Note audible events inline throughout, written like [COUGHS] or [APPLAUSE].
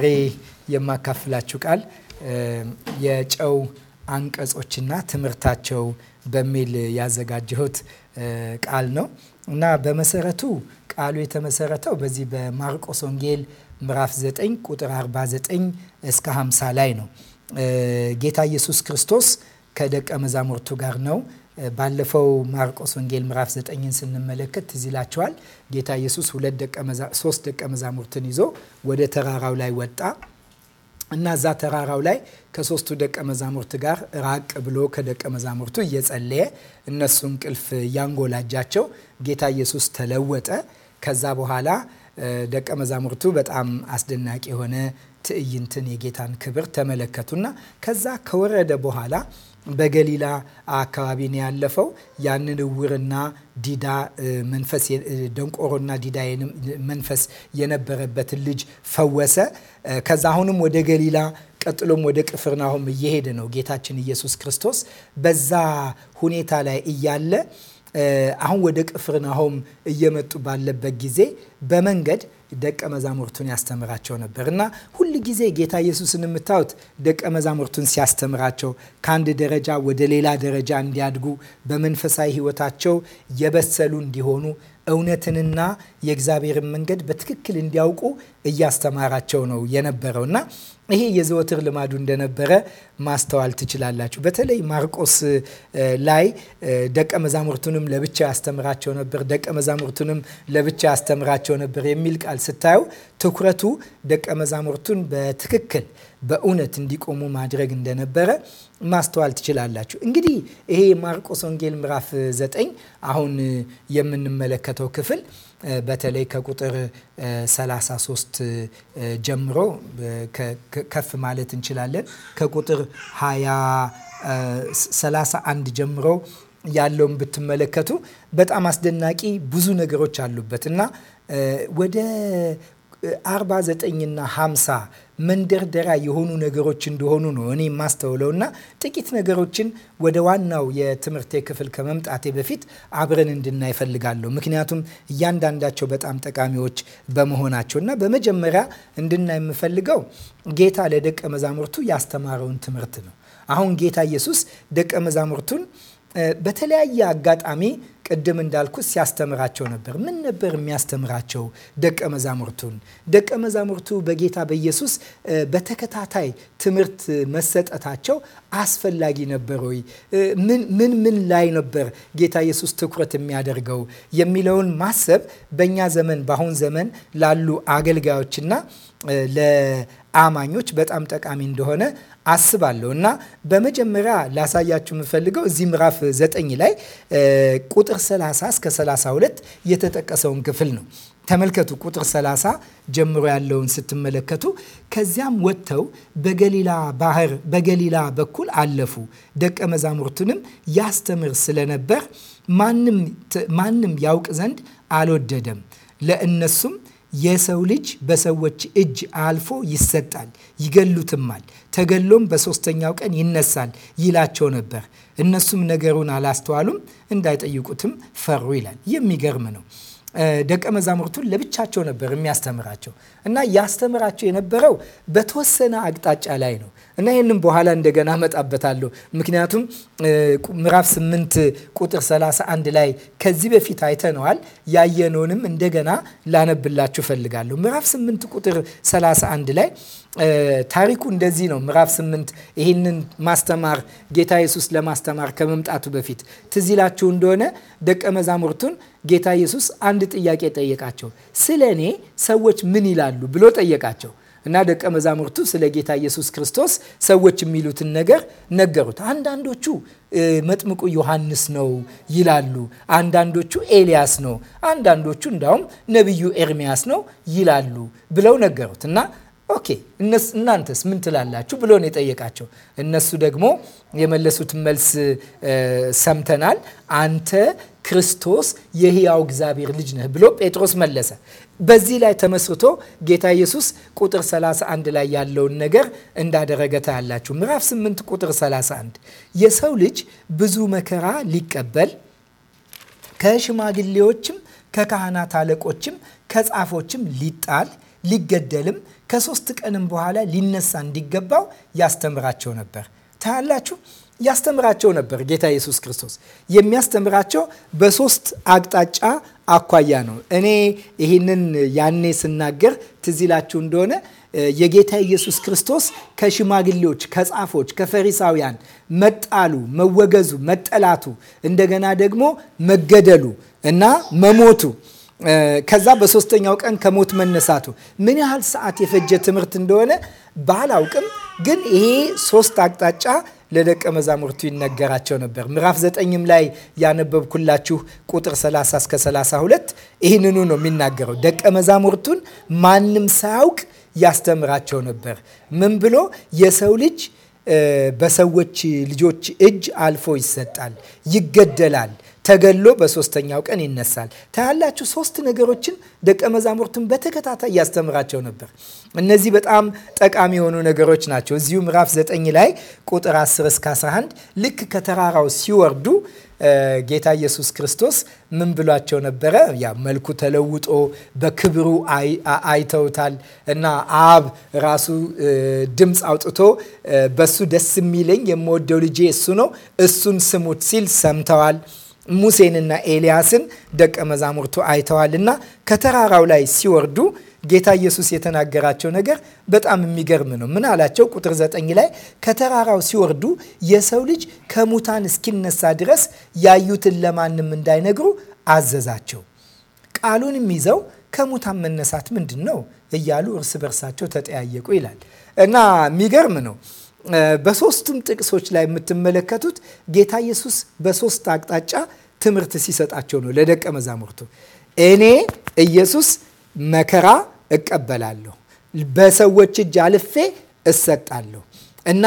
ዛሬ የማካፍላችሁ ቃል የጨው አንቀጾችና ትምህርታቸው በሚል ያዘጋጀሁት ቃል ነው እና በመሰረቱ ቃሉ የተመሰረተው በዚህ በማርቆስ ወንጌል ምዕራፍ 9 ቁጥር 49 እስከ 50 ላይ ነው። ጌታ ኢየሱስ ክርስቶስ ከደቀ መዛሙርቱ ጋር ነው ባለፈው ማርቆስ ወንጌል ምዕራፍ ዘጠኝን ስንመለከት ትዝ ይላችኋል። ጌታ ኢየሱስ ሶስት ደቀ መዛሙርትን ይዞ ወደ ተራራው ላይ ወጣ እና እዛ ተራራው ላይ ከሶስቱ ደቀ መዛሙርት ጋር ራቅ ብሎ ከደቀ መዛሙርቱ እየጸለየ እነሱ እንቅልፍ እያንጎላጃቸው ጌታ ኢየሱስ ተለወጠ። ከዛ በኋላ ደቀ መዛሙርቱ በጣም አስደናቂ የሆነ ትዕይንትን የጌታን ክብር ተመለከቱና ከዛ ከወረደ በኋላ በገሊላ አካባቢ ነው ያለፈው። ያንን እውርና ዲዳ መንፈስ ደንቆሮና ዲዳ መንፈስ የነበረበትን ልጅ ፈወሰ። ከዛ አሁንም ወደ ገሊላ ቀጥሎም ወደ ቅፍርናሆም እየሄደ ነው ጌታችን ኢየሱስ ክርስቶስ። በዛ ሁኔታ ላይ እያለ አሁን ወደ ቅፍርናሆም እየመጡ ባለበት ጊዜ በመንገድ ደቀ መዛሙርቱን ያስተምራቸው ነበር እና ሁል ጊዜ ጌታ ኢየሱስን የምታዩት ደቀ መዛሙርቱን ሲያስተምራቸው ከአንድ ደረጃ ወደ ሌላ ደረጃ እንዲያድጉ በመንፈሳዊ ሕይወታቸው የበሰሉ እንዲሆኑ እውነትንና የእግዚአብሔርን መንገድ በትክክል እንዲያውቁ እያስተማራቸው ነው የነበረው እና ይሄ የዘወትር ልማዱ እንደነበረ ማስተዋል ትችላላችሁ። በተለይ ማርቆስ ላይ ደቀ መዛሙርቱንም ለብቻ ያስተምራቸው ነበር፣ ደቀ መዛሙርቱንም ለብቻ ያስተምራቸው ነበር የሚል ቃል ስታዩ ትኩረቱ ደቀ መዛሙርቱን በትክክል በእውነት እንዲቆሙ ማድረግ እንደነበረ ማስተዋል ትችላላችሁ። እንግዲህ ይሄ ማርቆስ ወንጌል ምዕራፍ 9 አሁን የምንመለከተው ክፍል በተለይ ከቁጥር 33 ጀምሮ ከፍ ማለት እንችላለን። ከቁጥር 20 31 ጀምሮ ያለውን ብትመለከቱ በጣም አስደናቂ ብዙ ነገሮች አሉበት እና ወደ 49ና 50 መንደርደሪያ የሆኑ ነገሮች እንደሆኑ ነው እኔ የማስተውለው እና ጥቂት ነገሮችን ወደ ዋናው የትምህርቴ ክፍል ከመምጣቴ በፊት አብረን እንድናይ እፈልጋለሁ። ምክንያቱም እያንዳንዳቸው በጣም ጠቃሚዎች በመሆናቸው እና በመጀመሪያ እንድናይ የምፈልገው ጌታ ለደቀ መዛሙርቱ ያስተማረውን ትምህርት ነው። አሁን ጌታ ኢየሱስ ደቀ መዛሙርቱን በተለያየ አጋጣሚ ቅድም እንዳልኩ ሲያስተምራቸው ነበር። ምን ነበር የሚያስተምራቸው ደቀ መዛሙርቱን? ደቀ መዛሙርቱ በጌታ በኢየሱስ በተከታታይ ትምህርት መሰጠታቸው አስፈላጊ ነበር ወይ? ምን ምን ላይ ነበር ጌታ ኢየሱስ ትኩረት የሚያደርገው የሚለውን ማሰብ በእኛ ዘመን በአሁን ዘመን ላሉ አገልጋዮችና ለአማኞች በጣም ጠቃሚ እንደሆነ አስባለሁ እና በመጀመሪያ ላሳያችሁ የምፈልገው እዚህ ምዕራፍ ዘጠኝ ላይ ቁጥር 30 እስከ 32 የተጠቀሰውን ክፍል ነው። ተመልከቱ ቁጥር 30 ጀምሮ ያለውን ስትመለከቱ ከዚያም ወጥተው በገሊላ ባህር በገሊላ በኩል አለፉ። ደቀ መዛሙርቱንም ያስተምር ስለነበር ማንም ያውቅ ዘንድ አልወደደም። ለእነሱም የሰው ልጅ በሰዎች እጅ አልፎ ይሰጣል፣ ይገሉትማል፣ ተገሎም በሶስተኛው ቀን ይነሳል ይላቸው ነበር። እነሱም ነገሩን አላስተዋሉም፣ እንዳይጠይቁትም ፈሩ ይላል። የሚገርም ነው። ደቀ መዛሙርቱን ለብቻቸው ነበር የሚያስተምራቸው እና ያስተምራቸው የነበረው በተወሰነ አቅጣጫ ላይ ነው። እና ይህንም በኋላ እንደገና መጣበታለሁ። ምክንያቱም ምዕራፍ 8 ቁጥር 31 ላይ ከዚህ በፊት አይተነዋል። ያየነውንም እንደገና ላነብላችሁ ፈልጋለሁ። ምዕራፍ 8 ቁጥር 31 ላይ ታሪኩ እንደዚህ ነው። ምዕራፍ 8 ይህንን ማስተማር ጌታ ኢየሱስ ለማስተማር ከመምጣቱ በፊት ትዝ ይላችሁ እንደሆነ ደቀ መዛሙርቱን ጌታ ኢየሱስ አንድ ጥያቄ ጠየቃቸው። ስለ እኔ ሰዎች ምን ይላሉ ብሎ ጠየቃቸው። እና ደቀ መዛሙርቱ ስለ ጌታ ኢየሱስ ክርስቶስ ሰዎች የሚሉትን ነገር ነገሩት። አንዳንዶቹ መጥምቁ ዮሐንስ ነው ይላሉ፣ አንዳንዶቹ ኤልያስ ነው፣ አንዳንዶቹ እንዳውም ነቢዩ ኤርሚያስ ነው ይላሉ ብለው ነገሩት እና ኦኬ እናንተስ ምን ትላላችሁ ብሎ ነው የጠየቃቸው። እነሱ ደግሞ የመለሱትን መልስ ሰምተናል፣ አንተ ክርስቶስ የህያው እግዚአብሔር ልጅ ነህ ብሎ ጴጥሮስ መለሰ። በዚህ ላይ ተመስርቶ ጌታ ኢየሱስ ቁጥር 31 ላይ ያለውን ነገር እንዳደረገ ታያላችሁ። ምዕራፍ 8 ቁጥር 31 የሰው ልጅ ብዙ መከራ ሊቀበል ከሽማግሌዎችም ከካህናት አለቆችም ከጻፎችም ሊጣል ሊገደልም ከሶስት ቀንም በኋላ ሊነሳ እንዲገባው ያስተምራቸው ነበር። ታያላችሁ ያስተምራቸው ነበር። ጌታ ኢየሱስ ክርስቶስ የሚያስተምራቸው በሶስት አቅጣጫ አኳያ ነው። እኔ ይህንን ያኔ ስናገር ትዝ ይላችሁ እንደሆነ የጌታ ኢየሱስ ክርስቶስ ከሽማግሌዎች፣ ከጻፎች፣ ከፈሪሳውያን መጣሉ፣ መወገዙ፣ መጠላቱ እንደገና ደግሞ መገደሉ እና መሞቱ ከዛ በሶስተኛው ቀን ከሞት መነሳቱ ምን ያህል ሰዓት የፈጀ ትምህርት እንደሆነ ባላውቅም ግን ይሄ ሶስት አቅጣጫ ለደቀ መዛሙርቱ ይነገራቸው ነበር። ምዕራፍ ዘጠኝም ላይ ያነበብኩላችሁ ቁጥር 30 እስከ 32 ይህንኑ ነው የሚናገረው። ደቀ መዛሙርቱን ማንም ሳያውቅ ያስተምራቸው ነበር። ምን ብሎ የሰው ልጅ በሰዎች ልጆች እጅ አልፎ ይሰጣል፣ ይገደላል ተገሎ በሶስተኛው ቀን ይነሳል። ታያላችሁ። ሶስት ነገሮችን ደቀ መዛሙርትን በተከታታይ ያስተምራቸው ነበር። እነዚህ በጣም ጠቃሚ የሆኑ ነገሮች ናቸው። እዚሁ ምዕራፍ 9 ላይ ቁጥር 10 እስከ 11 ልክ ከተራራው ሲወርዱ ጌታ ኢየሱስ ክርስቶስ ምን ብሏቸው ነበረ? ያ መልኩ ተለውጦ በክብሩ አይተውታል እና አብ ራሱ ድምፅ አውጥቶ በሱ ደስ የሚለኝ የምወደው ልጄ እሱ ነው፣ እሱን ስሙት ሲል ሰምተዋል። ሙሴንና ኤልያስን ደቀ መዛሙርቱ አይተዋልና ከተራራው ላይ ሲወርዱ ጌታ ኢየሱስ የተናገራቸው ነገር በጣም የሚገርም ነው። ምን አላቸው? ቁጥር ዘጠኝ ላይ ከተራራው ሲወርዱ የሰው ልጅ ከሙታን እስኪነሳ ድረስ ያዩትን ለማንም እንዳይነግሩ አዘዛቸው። ቃሉንም ይዘው ከሙታን መነሳት ምንድን ነው እያሉ እርስ በርሳቸው ተጠያየቁ ይላል እና የሚገርም ነው። በሶስቱም ጥቅሶች ላይ የምትመለከቱት ጌታ ኢየሱስ በሶስት አቅጣጫ ትምህርት ሲሰጣቸው ነው ለደቀ መዛሙርቱ። እኔ ኢየሱስ መከራ እቀበላለሁ፣ በሰዎች እጅ አልፌ እሰጣለሁ እና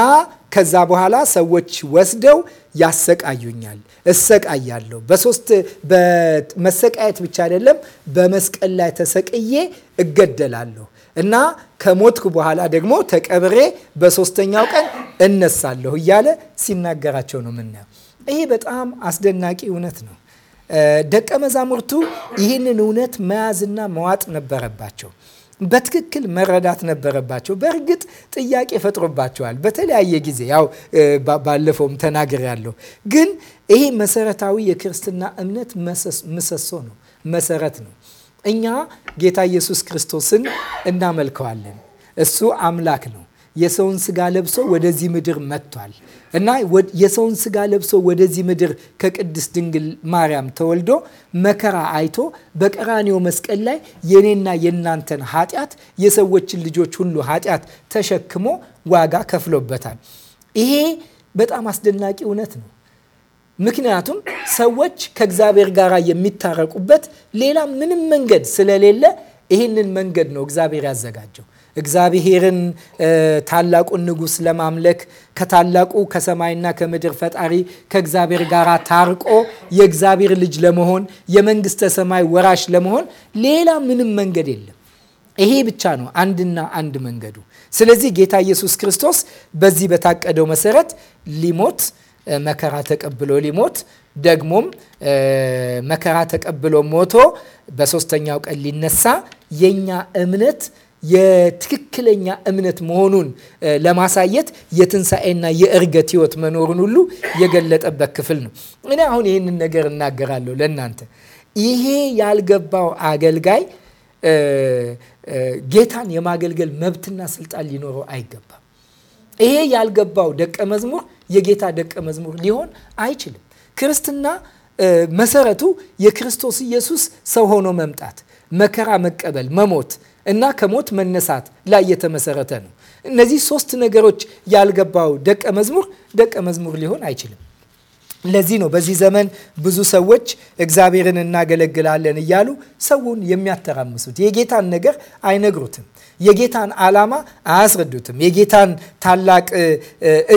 ከዛ በኋላ ሰዎች ወስደው ያሰቃዩኛል፣ እሰቃያለሁ። በሶስት በመሰቃየት ብቻ አይደለም፣ በመስቀል ላይ ተሰቅዬ እገደላለሁ እና ከሞትኩ በኋላ ደግሞ ተቀብሬ በሶስተኛው ቀን እነሳለሁ እያለ ሲናገራቸው ነው የምናየው። ይሄ በጣም አስደናቂ እውነት ነው። ደቀ መዛሙርቱ ይህንን እውነት መያዝና መዋጥ ነበረባቸው። በትክክል መረዳት ነበረባቸው። በእርግጥ ጥያቄ ፈጥሮባቸዋል በተለያየ ጊዜ ያው ባለፈውም ተናግሬያለሁ። ግን ይሄ መሰረታዊ የክርስትና እምነት ምሰሶ ነው፣ መሰረት ነው። እኛ ጌታ ኢየሱስ ክርስቶስን እናመልከዋለን። እሱ አምላክ ነው። የሰውን ስጋ ለብሶ ወደዚህ ምድር መጥቷል እና የሰውን ስጋ ለብሶ ወደዚህ ምድር ከቅድስት ድንግል ማርያም ተወልዶ መከራ አይቶ በቀራኔው መስቀል ላይ የኔና የእናንተን ኃጢአት የሰዎችን ልጆች ሁሉ ኃጢአት ተሸክሞ ዋጋ ከፍሎበታል። ይሄ በጣም አስደናቂ እውነት ነው። ምክንያቱም ሰዎች ከእግዚአብሔር ጋር የሚታረቁበት ሌላ ምንም መንገድ ስለሌለ ይህንን መንገድ ነው እግዚአብሔር ያዘጋጀው። እግዚአብሔርን ታላቁን ንጉሥ ለማምለክ ከታላቁ ከሰማይና ከምድር ፈጣሪ ከእግዚአብሔር ጋር ታርቆ የእግዚአብሔር ልጅ ለመሆን የመንግስተ ሰማይ ወራሽ ለመሆን ሌላ ምንም መንገድ የለም። ይሄ ብቻ ነው አንድና አንድ መንገዱ። ስለዚህ ጌታ ኢየሱስ ክርስቶስ በዚህ በታቀደው መሰረት ሊሞት መከራ ተቀብሎ ሊሞት ደግሞም መከራ ተቀብሎ ሞቶ በሶስተኛው ቀን ሊነሳ የኛ እምነት የትክክለኛ እምነት መሆኑን ለማሳየት የትንሣኤና የእርገት ህይወት መኖሩን ሁሉ የገለጠበት ክፍል ነው። እኔ አሁን ይህንን ነገር እናገራለሁ ለእናንተ። ይሄ ያልገባው አገልጋይ ጌታን የማገልገል መብትና ስልጣን ሊኖረው አይገባም። ይሄ ያልገባው ደቀ መዝሙር የጌታ ደቀ መዝሙር ሊሆን አይችልም። ክርስትና መሰረቱ የክርስቶስ ኢየሱስ ሰው ሆኖ መምጣት፣ መከራ መቀበል፣ መሞት እና ከሞት መነሳት ላይ የተመሰረተ ነው። እነዚህ ሶስት ነገሮች ያልገባው ደቀ መዝሙር ደቀ መዝሙር ሊሆን አይችልም። ለዚህ ነው በዚህ ዘመን ብዙ ሰዎች እግዚአብሔርን እናገለግላለን እያሉ ሰውን የሚያተራምሱት። የጌታን ነገር አይነግሩትም። የጌታን ዓላማ አያስረዱትም። የጌታን ታላቅ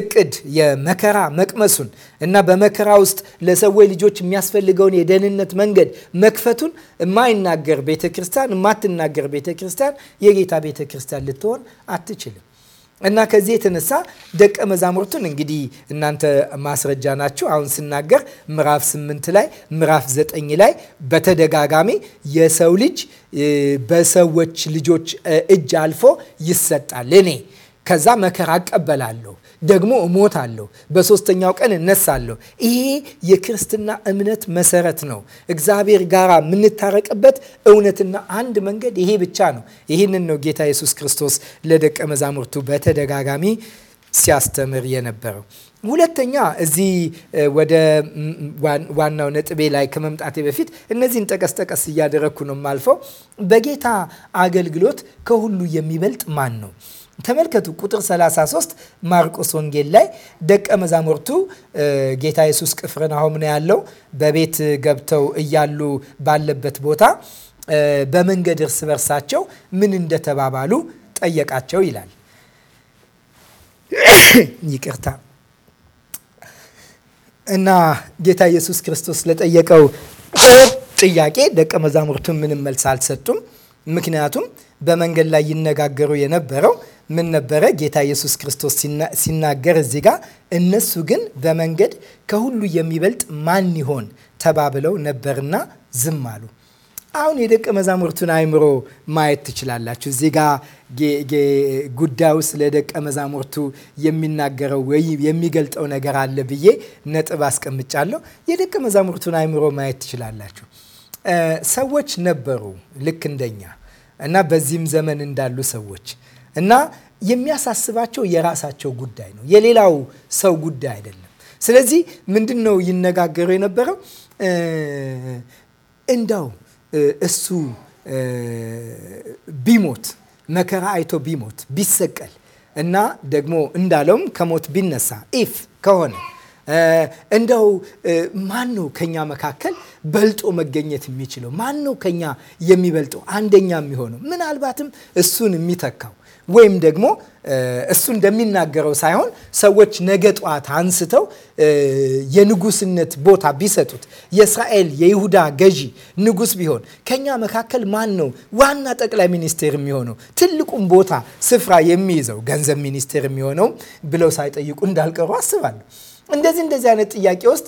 እቅድ የመከራ መቅመሱን እና በመከራ ውስጥ ለሰዎች ልጆች የሚያስፈልገውን የደህንነት መንገድ መክፈቱን የማይናገር ቤተ ክርስቲያን፣ የማትናገር ቤተ ክርስቲያን የጌታ ቤተ ክርስቲያን ልትሆን አትችልም። እና ከዚህ የተነሳ ደቀ መዛሙርቱን እንግዲህ እናንተ ማስረጃ ናችሁ። አሁን ስናገር ምዕራፍ ስምንት ላይ ምዕራፍ ዘጠኝ ላይ በተደጋጋሚ የሰው ልጅ በሰዎች ልጆች እጅ አልፎ ይሰጣል፣ እኔ ከዛ መከራ እቀበላለሁ ደግሞ አለው በሶስተኛው ቀን እነሳለሁ። ይሄ የክርስትና እምነት መሰረት ነው። እግዚአብሔር ጋር የምንታረቅበት እውነትና አንድ መንገድ ይሄ ብቻ ነው። ይህንን ነው ጌታ ኢየሱስ ክርስቶስ ለደቀ መዛሙርቱ በተደጋጋሚ ሲያስተምር የነበረው። ሁለተኛ እዚህ ወደ ዋናው ነጥቤ ላይ ከመምጣቴ በፊት እነዚህን ጠቀስ ጠቀስ እያደረግኩ ነው የማልፈው። በጌታ አገልግሎት ከሁሉ የሚበልጥ ማን ነው? ተመልከቱ ቁጥር 33 ማርቆስ ወንጌል ላይ ደቀ መዛሙርቱ ጌታ ኢየሱስ ቅፍርናሆም ነው ያለው። በቤት ገብተው እያሉ ባለበት ቦታ በመንገድ እርስ በርሳቸው ምን እንደተባባሉ ጠየቃቸው ይላል። [COUGHS] ይቅርታ እና ጌታ ኢየሱስ ክርስቶስ ለጠየቀው ጥያቄ ደቀ መዛሙርቱ ምንም መልስ አልሰጡም። ምክንያቱም በመንገድ ላይ ይነጋገሩ የነበረው ምን ነበረ? ጌታ ኢየሱስ ክርስቶስ ሲናገር እዚህ ጋር እነሱ ግን በመንገድ ከሁሉ የሚበልጥ ማን ይሆን ተባብለው ነበርና ዝም አሉ። አሁን የደቀ መዛሙርቱን አይምሮ ማየት ትችላላችሁ። እዚህ ጋ ጉዳዩ ስለ ደቀ መዛሙርቱ የሚናገረው ወይ የሚገልጠው ነገር አለ ብዬ ነጥብ አስቀምጫለሁ። የደቀ መዛሙርቱን አይምሮ ማየት ትችላላችሁ። ሰዎች ነበሩ ልክ እንደኛ እና በዚህም ዘመን እንዳሉ ሰዎች እና የሚያሳስባቸው የራሳቸው ጉዳይ ነው፣ የሌላው ሰው ጉዳይ አይደለም። ስለዚህ ምንድን ነው ይነጋገሩ የነበረው እንዳው እሱ ቢሞት መከራ አይቶ ቢሞት ቢሰቀል እና ደግሞ እንዳለውም ከሞት ቢነሳ ኢፍ ከሆነ እንደው ማን ነው ከኛ መካከል በልጦ መገኘት የሚችለው? ማን ነው ከኛ የሚበልጠው አንደኛ የሚሆነው? ምናልባትም እሱን የሚተካው ወይም ደግሞ እሱ እንደሚናገረው ሳይሆን ሰዎች ነገ ጠዋት አንስተው የንጉስነት ቦታ ቢሰጡት የእስራኤል የይሁዳ ገዢ ንጉስ ቢሆን ከኛ መካከል ማን ነው ዋና ጠቅላይ ሚኒስቴር የሚሆነው ትልቁም ቦታ ስፍራ የሚይዘው ገንዘብ ሚኒስቴር የሚሆነው ብለው ሳይጠይቁ እንዳልቀሩ አስባለሁ። እንደዚህ እንደዚህ አይነት ጥያቄ ውስጥ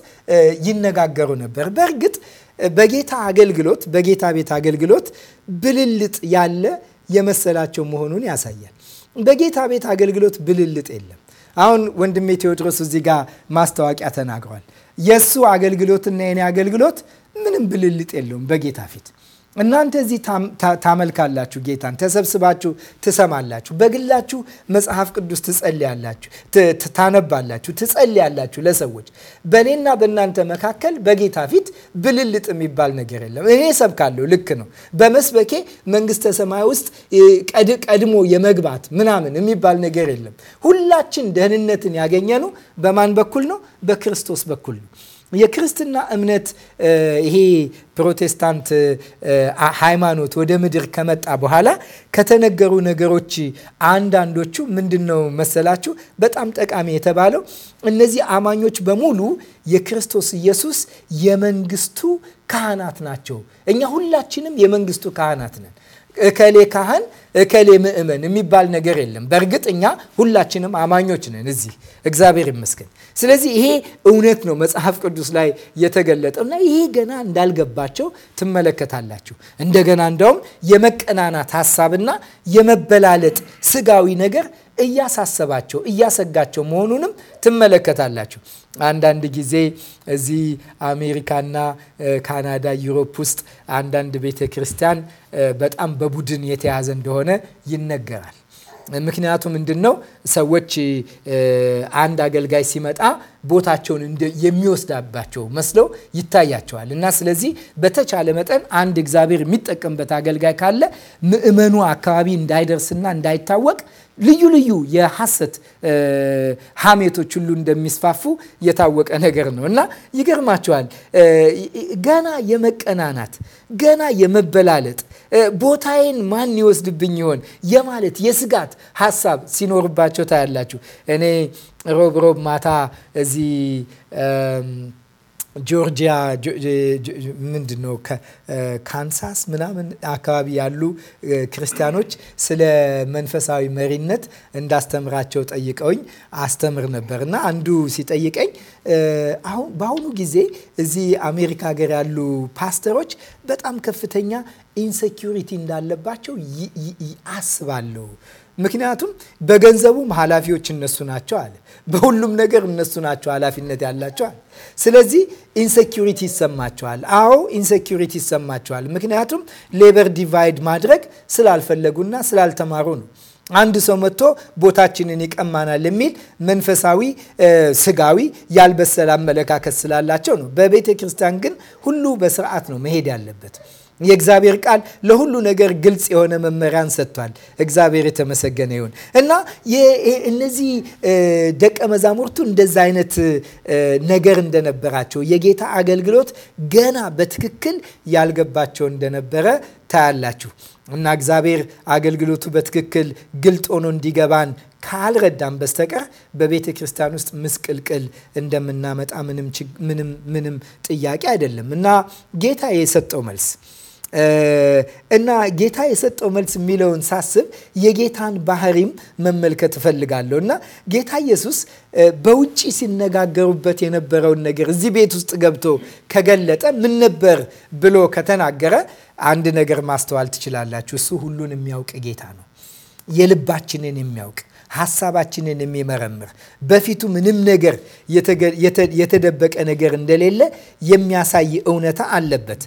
ይነጋገሩ ነበር። በእርግጥ በጌታ አገልግሎት በጌታ ቤት አገልግሎት ብልልጥ ያለ የመሰላቸው መሆኑን ያሳያል። በጌታ ቤት አገልግሎት ብልልጥ የለም። አሁን ወንድሜ ቴዎድሮስ እዚህ ጋር ማስታወቂያ ተናግሯል። የእሱ አገልግሎትና የኔ አገልግሎት ምንም ብልልጥ የለውም በጌታ ፊት እናንተ እዚህ ታመልካላችሁ፣ ጌታን ተሰብስባችሁ ትሰማላችሁ፣ በግላችሁ መጽሐፍ ቅዱስ ትጸልያላችሁ፣ ታነባላችሁ፣ ትጸልያላችሁ ለሰዎች። በእኔና በእናንተ መካከል በጌታ ፊት ብልልጥ የሚባል ነገር የለም። እኔ ሰብካለሁ፣ ልክ ነው። በመስበኬ መንግስተ ሰማይ ውስጥ ቀድሞ የመግባት ምናምን የሚባል ነገር የለም። ሁላችን ደህንነትን ያገኘነው በማን በኩል ነው? በክርስቶስ በኩል ነው። የክርስትና እምነት ይሄ ፕሮቴስታንት ሃይማኖት ወደ ምድር ከመጣ በኋላ ከተነገሩ ነገሮች አንዳንዶቹ ምንድን ነው መሰላችሁ? በጣም ጠቃሚ የተባለው እነዚህ አማኞች በሙሉ የክርስቶስ ኢየሱስ የመንግስቱ ካህናት ናቸው። እኛ ሁላችንም የመንግስቱ ካህናት ነን። እከሌ ካህን እከሌ ምእመን የሚባል ነገር የለም። በእርግጥ እኛ ሁላችንም አማኞች ነን እዚህ እግዚአብሔር ይመስገን። ስለዚህ ይሄ እውነት ነው መጽሐፍ ቅዱስ ላይ የተገለጠው እና ይሄ ገና እንዳልገባቸው ትመለከታላችሁ። እንደገና እንደውም የመቀናናት ሀሳብና የመበላለጥ ስጋዊ ነገር እያሳሰባቸው እያሰጋቸው መሆኑንም ትመለከታላችሁ። አንዳንድ ጊዜ እዚህ አሜሪካና ካናዳ፣ ዩሮፕ ውስጥ አንዳንድ ቤተ ክርስቲያን በጣም በቡድን የተያዘ እንደሆነ ይነገራል። ምክንያቱም ምንድን ነው ሰዎች አንድ አገልጋይ ሲመጣ ቦታቸውን የሚወስዳባቸው መስለው ይታያቸዋል። እና ስለዚህ በተቻለ መጠን አንድ እግዚአብሔር የሚጠቀምበት አገልጋይ ካለ ምእመኑ አካባቢ እንዳይደርስና እንዳይታወቅ ልዩ ልዩ የሐሰት ሐሜቶች ሁሉ እንደሚስፋፉ የታወቀ ነገር ነው እና ይገርማቸዋል። ገና የመቀናናት ገና የመበላለጥ ቦታዬን ማን ይወስድብኝ ይሆን የማለት የስጋት ሀሳብ ሲኖርባቸው ታያላችሁ። እኔ ሮብ ሮብ ማታ እዚህ ጆርጂያ ምንድን ነው ካንሳስ ምናምን አካባቢ ያሉ ክርስቲያኖች ስለ መንፈሳዊ መሪነት እንዳስተምራቸው ጠይቀውኝ አስተምር ነበር እና አንዱ ሲጠይቀኝ በአሁኑ ጊዜ እዚህ አሜሪካ ሀገር ያሉ ፓስተሮች በጣም ከፍተኛ ኢንሴኪሪቲ እንዳለባቸው አስባለሁ ምክንያቱም በገንዘቡም ኃላፊዎች እነሱ ናቸው አለ። በሁሉም ነገር እነሱ ናቸው ኃላፊነት ያላቸዋል። ስለዚህ ኢንሴኪሪቲ ይሰማቸዋል። አዎ ኢንሴኪሪቲ ይሰማቸዋል። ምክንያቱም ሌበር ዲቫይድ ማድረግ ስላልፈለጉና ስላልተማሩ ነው። አንድ ሰው መጥቶ ቦታችንን ይቀማናል የሚል መንፈሳዊ ስጋዊ ያልበሰለ አመለካከት ስላላቸው ነው። በቤተ ክርስቲያን ግን ሁሉ በስርዓት ነው መሄድ ያለበት። የእግዚአብሔር ቃል ለሁሉ ነገር ግልጽ የሆነ መመሪያን ሰጥቷል። እግዚአብሔር የተመሰገነ ይሁን እና እነዚህ ደቀ መዛሙርቱ እንደዛ አይነት ነገር እንደነበራቸው የጌታ አገልግሎት ገና በትክክል ያልገባቸው እንደነበረ ታያላችሁ እና እግዚአብሔር አገልግሎቱ በትክክል ግልጥ ሆኖ እንዲገባን ካልረዳን በስተቀር በቤተ ክርስቲያን ውስጥ ምስቅልቅል እንደምናመጣ ምንም ጥያቄ አይደለም እና ጌታ የሰጠው መልስ እና ጌታ የሰጠው መልስ የሚለውን ሳስብ የጌታን ባህሪም መመልከት እፈልጋለሁ እና ጌታ ኢየሱስ በውጭ ሲነጋገሩበት የነበረውን ነገር እዚህ ቤት ውስጥ ገብቶ ከገለጠ ምን ነበር ብሎ ከተናገረ አንድ ነገር ማስተዋል ትችላላችሁ። እሱ ሁሉን የሚያውቅ ጌታ ነው። የልባችንን የሚያውቅ ሀሳባችንን የሚመረምር በፊቱ ምንም ነገር የተደበቀ ነገር እንደሌለ የሚያሳይ እውነታ አለበት።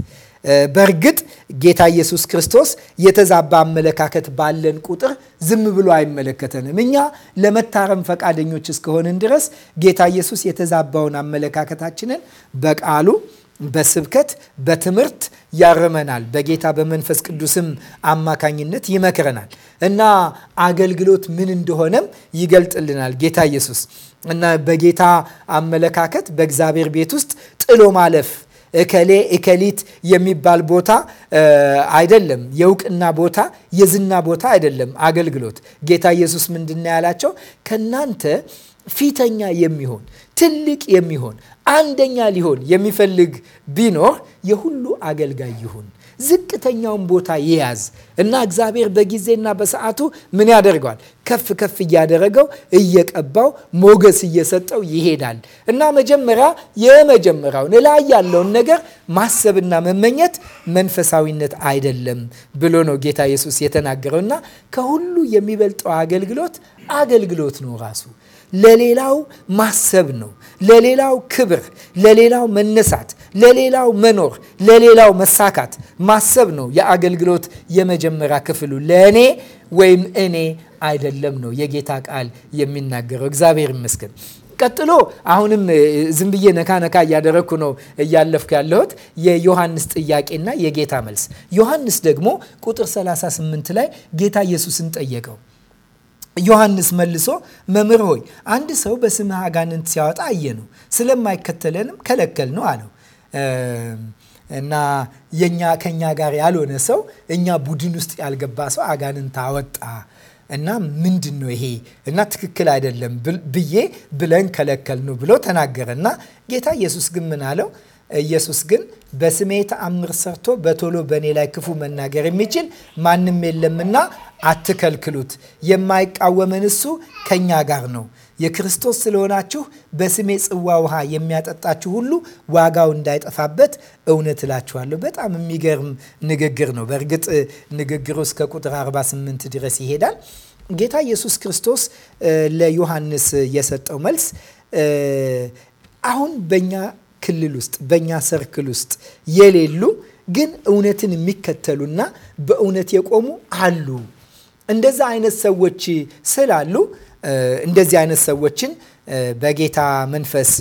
በእርግጥ ጌታ ኢየሱስ ክርስቶስ የተዛባ አመለካከት ባለን ቁጥር ዝም ብሎ አይመለከተንም። እኛ ለመታረም ፈቃደኞች እስከሆንን ድረስ ጌታ ኢየሱስ የተዛባውን አመለካከታችንን በቃሉ በስብከት በትምህርት ያርመናል። በጌታ በመንፈስ ቅዱስም አማካኝነት ይመክረናል እና አገልግሎት ምን እንደሆነም ይገልጥልናል ጌታ ኢየሱስ እና በጌታ አመለካከት በእግዚአብሔር ቤት ውስጥ ጥሎ ማለፍ እከሌ እከሊት የሚባል ቦታ አይደለም። የእውቅና ቦታ፣ የዝና ቦታ አይደለም። አገልግሎት ጌታ ኢየሱስ ምንድን ያላቸው? ከእናንተ ፊተኛ የሚሆን ትልቅ የሚሆን አንደኛ ሊሆን የሚፈልግ ቢኖር የሁሉ አገልጋይ ይሁን ዝቅተኛውን ቦታ ይያዝ እና እግዚአብሔር በጊዜና በሰዓቱ ምን ያደርገዋል? ከፍ ከፍ እያደረገው እየቀባው ሞገስ እየሰጠው ይሄዳል እና መጀመሪያ የመጀመሪያውን እላይ ያለውን ነገር ማሰብና መመኘት መንፈሳዊነት አይደለም ብሎ ነው ጌታ ኢየሱስ የተናገረው እና ከሁሉ የሚበልጠው አገልግሎት አገልግሎት ነው ራሱ ለሌላው ማሰብ ነው። ለሌላው ክብር፣ ለሌላው መነሳት፣ ለሌላው መኖር፣ ለሌላው መሳካት ማሰብ ነው የአገልግሎት የመጀመሪያ ክፍሉ። ለእኔ ወይም እኔ አይደለም ነው የጌታ ቃል የሚናገረው። እግዚአብሔር ይመስገን። ቀጥሎ አሁንም ዝም ብዬ ነካ ነካ እያደረግኩ ነው እያለፍኩ ያለሁት የዮሐንስ ጥያቄና የጌታ መልስ። ዮሐንስ ደግሞ ቁጥር 38 ላይ ጌታ ኢየሱስን ጠየቀው። ዮሐንስ መልሶ መምህር ሆይ አንድ ሰው በስምህ አጋንንት ሲያወጣ አየ ነው፣ ስለማይከተለንም ከለከል ነው አለው። እና የኛ ከኛ ጋር ያልሆነ ሰው እኛ ቡድን ውስጥ ያልገባ ሰው አጋንንት አወጣ እና ምንድን ነው ይሄ እና ትክክል አይደለም ብዬ ብለን ከለከል ነው ብሎ ተናገረ እና ጌታ ኢየሱስ ግን ምን አለው? ኢየሱስ ግን በስሜ ተአምር ሰርቶ በቶሎ በእኔ ላይ ክፉ መናገር የሚችል ማንም የለምና አትከልክሉት። የማይቃወመን እሱ ከኛ ጋር ነው። የክርስቶስ ስለሆናችሁ በስሜ ጽዋ ውሃ የሚያጠጣችሁ ሁሉ ዋጋው እንዳይጠፋበት እውነት እላችኋለሁ። በጣም የሚገርም ንግግር ነው። በእርግጥ ንግግሩ እስከ ቁጥር 48 ድረስ ይሄዳል። ጌታ ኢየሱስ ክርስቶስ ለዮሐንስ የሰጠው መልስ አሁን በእኛ ክልል ውስጥ በእኛ ሰርክል ውስጥ የሌሉ ግን እውነትን የሚከተሉና በእውነት የቆሙ አሉ። እንደዛ አይነት ሰዎች ስላሉ እንደዚህ አይነት ሰዎችን በጌታ መንፈስ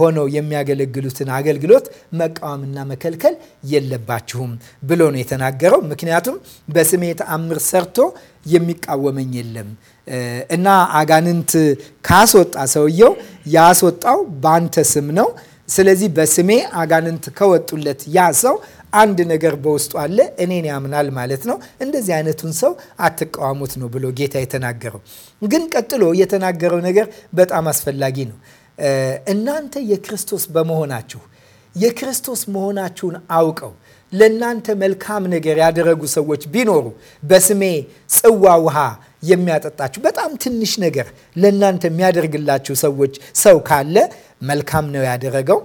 ሆነው የሚያገለግሉትን አገልግሎት መቃወምና መከልከል የለባችሁም ብሎ ነው የተናገረው። ምክንያቱም በስሜ ተአምር ሰርቶ የሚቃወመኝ የለም እና አጋንንት ካስወጣ ሰውየው ያስወጣው በአንተ ስም ነው። ስለዚህ በስሜ አጋንንት ከወጡለት ያ ሰው አንድ ነገር በውስጡ አለ፣ እኔን ያምናል ማለት ነው። እንደዚህ አይነቱን ሰው አትቃወሙት ነው ብሎ ጌታ የተናገረው። ግን ቀጥሎ የተናገረው ነገር በጣም አስፈላጊ ነው። እናንተ የክርስቶስ በመሆናችሁ የክርስቶስ መሆናችሁን አውቀው ለእናንተ መልካም ነገር ያደረጉ ሰዎች ቢኖሩ በስሜ ጽዋ ውሃ የሚያጠጣችሁ በጣም ትንሽ ነገር ለእናንተ የሚያደርግላችሁ ሰዎች ሰው ካለ መልካም ነው ያደረገው።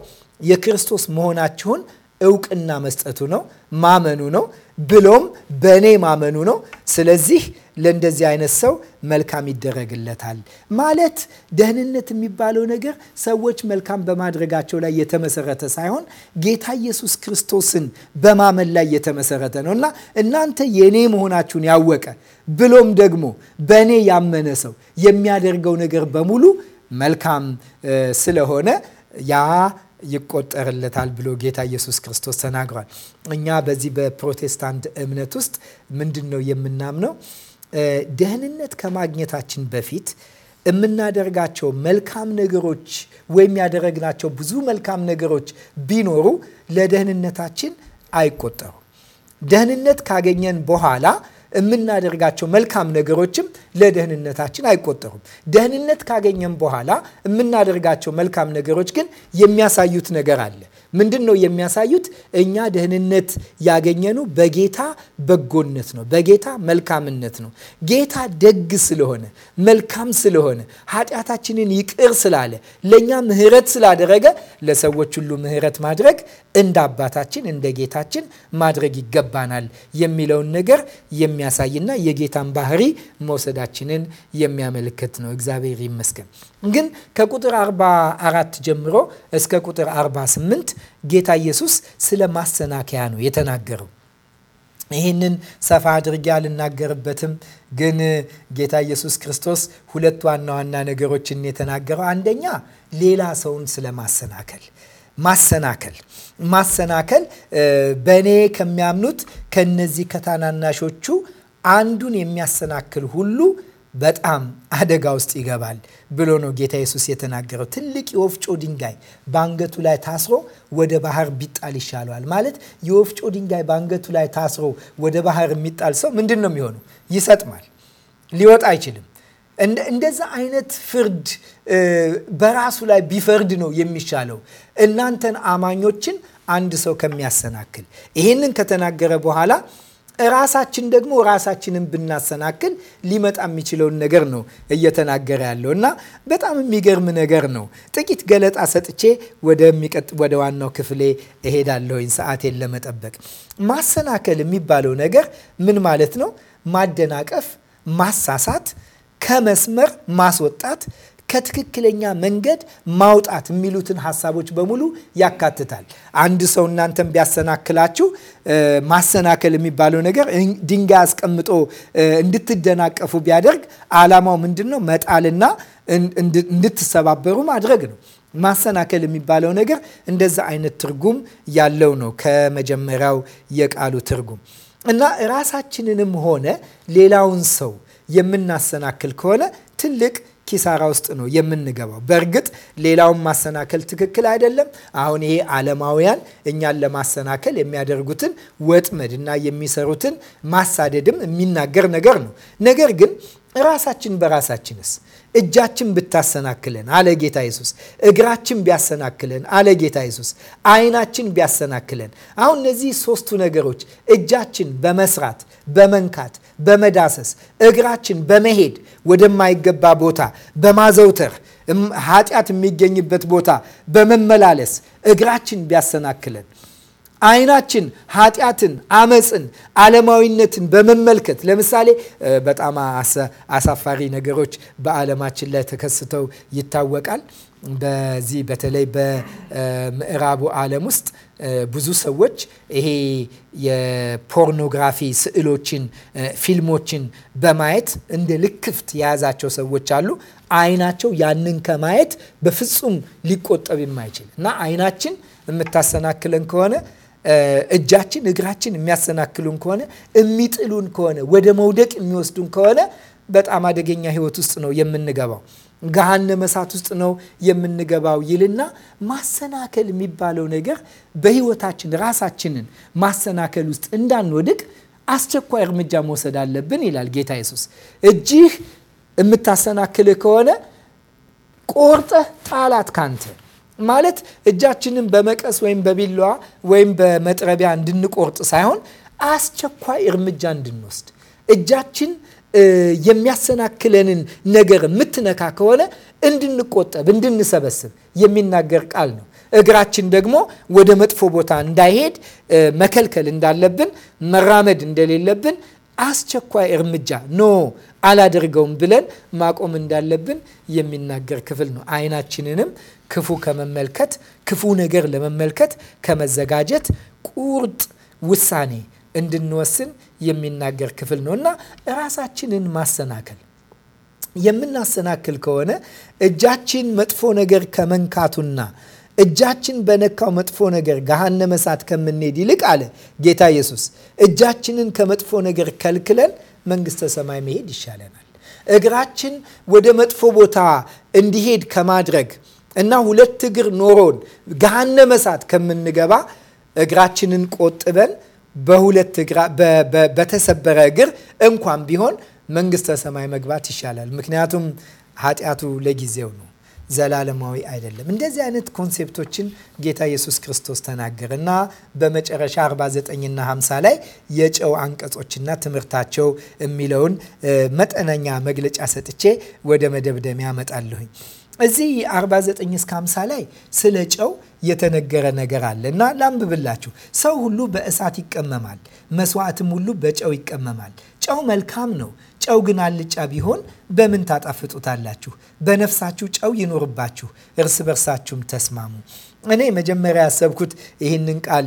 የክርስቶስ መሆናችሁን እውቅና መስጠቱ ነው፣ ማመኑ ነው፣ ብሎም በእኔ ማመኑ ነው። ስለዚህ ለእንደዚህ አይነት ሰው መልካም ይደረግለታል ማለት ደህንነት የሚባለው ነገር ሰዎች መልካም በማድረጋቸው ላይ የተመሰረተ ሳይሆን ጌታ ኢየሱስ ክርስቶስን በማመን ላይ የተመሰረተ ነው እና እናንተ የእኔ መሆናችሁን ያወቀ ብሎም ደግሞ በእኔ ያመነ ሰው የሚያደርገው ነገር በሙሉ መልካም ስለሆነ ያ ይቆጠርለታል ብሎ ጌታ ኢየሱስ ክርስቶስ ተናግሯል። እኛ በዚህ በፕሮቴስታንት እምነት ውስጥ ምንድን ነው የምናምነው? ደህንነት ከማግኘታችን በፊት የምናደርጋቸው መልካም ነገሮች ወይም ያደረግናቸው ብዙ መልካም ነገሮች ቢኖሩ ለደህንነታችን አይቆጠሩ። ደህንነት ካገኘን በኋላ የምናደርጋቸው መልካም ነገሮችም ለደህንነታችን አይቆጠሩም። ደህንነት ካገኘም በኋላ የምናደርጋቸው መልካም ነገሮች ግን የሚያሳዩት ነገር አለ። ምንድን ነው የሚያሳዩት? እኛ ደህንነት ያገኘኑ በጌታ በጎነት ነው፣ በጌታ መልካምነት ነው። ጌታ ደግ ስለሆነ መልካም ስለሆነ ኃጢአታችንን ይቅር ስላለ ለእኛ ምሕረት ስላደረገ ለሰዎች ሁሉ ምሕረት ማድረግ እንደ አባታችን እንደ ጌታችን ማድረግ ይገባናል የሚለውን ነገር የሚያሳይና የጌታን ባህሪ መውሰዳችንን የሚያመለክት ነው። እግዚአብሔር ይመስገን። ግን ከቁጥር 44 ጀምሮ እስከ ቁጥር 48 ጌታ ኢየሱስ ስለ ማሰናከያ ነው የተናገረው። ይህንን ሰፋ አድርጌ አልናገርበትም፣ ግን ጌታ ኢየሱስ ክርስቶስ ሁለት ዋና ዋና ነገሮችን የተናገረው አንደኛ ሌላ ሰውን ስለ ማሰናከል ማሰናከል ማሰናከል በእኔ ከሚያምኑት ከነዚህ ከታናናሾቹ አንዱን የሚያሰናክል ሁሉ በጣም አደጋ ውስጥ ይገባል ብሎ ነው ጌታ ኢየሱስ የተናገረው። ትልቅ የወፍጮ ድንጋይ በአንገቱ ላይ ታስሮ ወደ ባህር ቢጣል ይሻለዋል ማለት የወፍጮ ድንጋይ በአንገቱ ላይ ታስሮ ወደ ባህር የሚጣል ሰው ምንድን ነው የሚሆነው? ይሰጥማል፣ ሊወጣ አይችልም። እንደዛ አይነት ፍርድ በራሱ ላይ ቢፈርድ ነው የሚሻለው እናንተን አማኞችን አንድ ሰው ከሚያሰናክል። ይህንን ከተናገረ በኋላ ራሳችን ደግሞ ራሳችንን ብናሰናክል ሊመጣ የሚችለውን ነገር ነው እየተናገረ ያለው እና በጣም የሚገርም ነገር ነው። ጥቂት ገለጣ ሰጥቼ ወደሚቀጥ ወደ ዋናው ክፍሌ እሄዳለሁኝ ሰዓቴን ለመጠበቅ። ማሰናከል የሚባለው ነገር ምን ማለት ነው? ማደናቀፍ፣ ማሳሳት፣ ከመስመር ማስወጣት፣ ከትክክለኛ መንገድ ማውጣት የሚሉትን ሀሳቦች በሙሉ ያካትታል። አንድ ሰው እናንተን ቢያሰናክላችሁ ማሰናከል የሚባለው ነገር ድንጋይ አስቀምጦ እንድትደናቀፉ ቢያደርግ ዓላማው ምንድን ነው? መጣልና እንድትሰባበሩ ማድረግ ነው። ማሰናከል የሚባለው ነገር እንደዛ አይነት ትርጉም ያለው ነው ከመጀመሪያው የቃሉ ትርጉም እና ራሳችንንም ሆነ ሌላውን ሰው የምናሰናክል ከሆነ ትልቅ ኪሳራ ውስጥ ነው የምንገባው። በእርግጥ ሌላውን ማሰናከል ትክክል አይደለም። አሁን ይሄ አለማውያን እኛን ለማሰናከል የሚያደርጉትን ወጥመድ እና የሚሰሩትን ማሳደድም የሚናገር ነገር ነው። ነገር ግን ራሳችን በራሳችንስ እጃችን ብታሰናክለን አለ ጌታ ኢየሱስ። እግራችን ቢያሰናክለን አለ ጌታ ኢየሱስ። አይናችን ቢያሰናክለን። አሁን እነዚህ ሶስቱ ነገሮች እጃችን በመስራት በመንካት በመዳሰስ እግራችን በመሄድ ወደማይገባ ቦታ በማዘውተር ኃጢአት የሚገኝበት ቦታ በመመላለስ እግራችን ቢያሰናክለን አይናችን ኃጢአትን፣ አመፅን፣ አለማዊነትን በመመልከት ለምሳሌ በጣም አሳፋሪ ነገሮች በዓለማችን ላይ ተከስተው ይታወቃል። በዚህ በተለይ በምዕራቡ ዓለም ውስጥ ብዙ ሰዎች ይሄ የፖርኖግራፊ ስዕሎችን፣ ፊልሞችን በማየት እንደ ልክፍት የያዛቸው ሰዎች አሉ። አይናቸው ያንን ከማየት በፍጹም ሊቆጠብ የማይችል እና አይናችን የምታሰናክለን ከሆነ እጃችን፣ እግራችን የሚያሰናክሉን ከሆነ የሚጥሉን ከሆነ ወደ መውደቅ የሚወስዱን ከሆነ በጣም አደገኛ ህይወት ውስጥ ነው የምንገባው። ገሃነመ እሳት ውስጥ ነው የምንገባው ይልና ማሰናከል የሚባለው ነገር በህይወታችን ራሳችንን ማሰናከል ውስጥ እንዳንወድቅ አስቸኳይ እርምጃ መውሰድ አለብን ይላል ጌታ ኢየሱስ። እጅህ የምታሰናክልህ ከሆነ ቆርጠህ ጣላት ካንተ ማለት እጃችንን በመቀስ ወይም በቢላዋ ወይም በመጥረቢያ እንድንቆርጥ ሳይሆን አስቸኳይ እርምጃ እንድንወስድ እጃችን የሚያሰናክለንን ነገር የምትነካ ከሆነ እንድንቆጠብ እንድንሰበስብ የሚናገር ቃል ነው። እግራችን ደግሞ ወደ መጥፎ ቦታ እንዳይሄድ መከልከል እንዳለብን፣ መራመድ እንደሌለብን አስቸኳይ እርምጃ ኖ አላደርገውም ብለን ማቆም እንዳለብን የሚናገር ክፍል ነው። አይናችንንም ክፉ ከመመልከት ክፉ ነገር ለመመልከት ከመዘጋጀት ቁርጥ ውሳኔ እንድንወስን የሚናገር ክፍል ነው እና ራሳችንን ማሰናከል የምናሰናክል ከሆነ እጃችን መጥፎ ነገር ከመንካቱና እጃችን በነካው መጥፎ ነገር ገሃነመ እሳት ከምንሄድ ይልቅ አለ ጌታ ኢየሱስ፣ እጃችንን ከመጥፎ ነገር ከልክለን መንግስተ ሰማይ መሄድ ይሻለናል። እግራችን ወደ መጥፎ ቦታ እንዲሄድ ከማድረግ እና ሁለት እግር ኖሮን ገሃነመ እሳት ከምንገባ እግራችንን ቆጥበን በሁለት እግራ በተሰበረ እግር እንኳን ቢሆን መንግስተ ሰማይ መግባት ይሻላል። ምክንያቱም ኃጢአቱ ለጊዜው ነው፣ ዘላለማዊ አይደለም። እንደዚህ አይነት ኮንሴፕቶችን ጌታ ኢየሱስ ክርስቶስ ተናገረ እና በመጨረሻ 49ና 50 ላይ የጨው አንቀጾችና ትምህርታቸው የሚለውን መጠነኛ መግለጫ ሰጥቼ ወደ መደብደሚያ እመጣለሁኝ። እዚህ 49 እስከ 50 ላይ ስለ ጨው የተነገረ ነገር አለ እና ላንብብላችሁ። ሰው ሁሉ በእሳት ይቀመማል፣ መስዋዕትም ሁሉ በጨው ይቀመማል። ጨው መልካም ነው። ጨው ግን አልጫ ቢሆን በምን ታጣፍጡታላችሁ? በነፍሳችሁ ጨው ይኖርባችሁ፣ እርስ በርሳችሁም ተስማሙ። እኔ መጀመሪያ ያሰብኩት ይህንን ቃል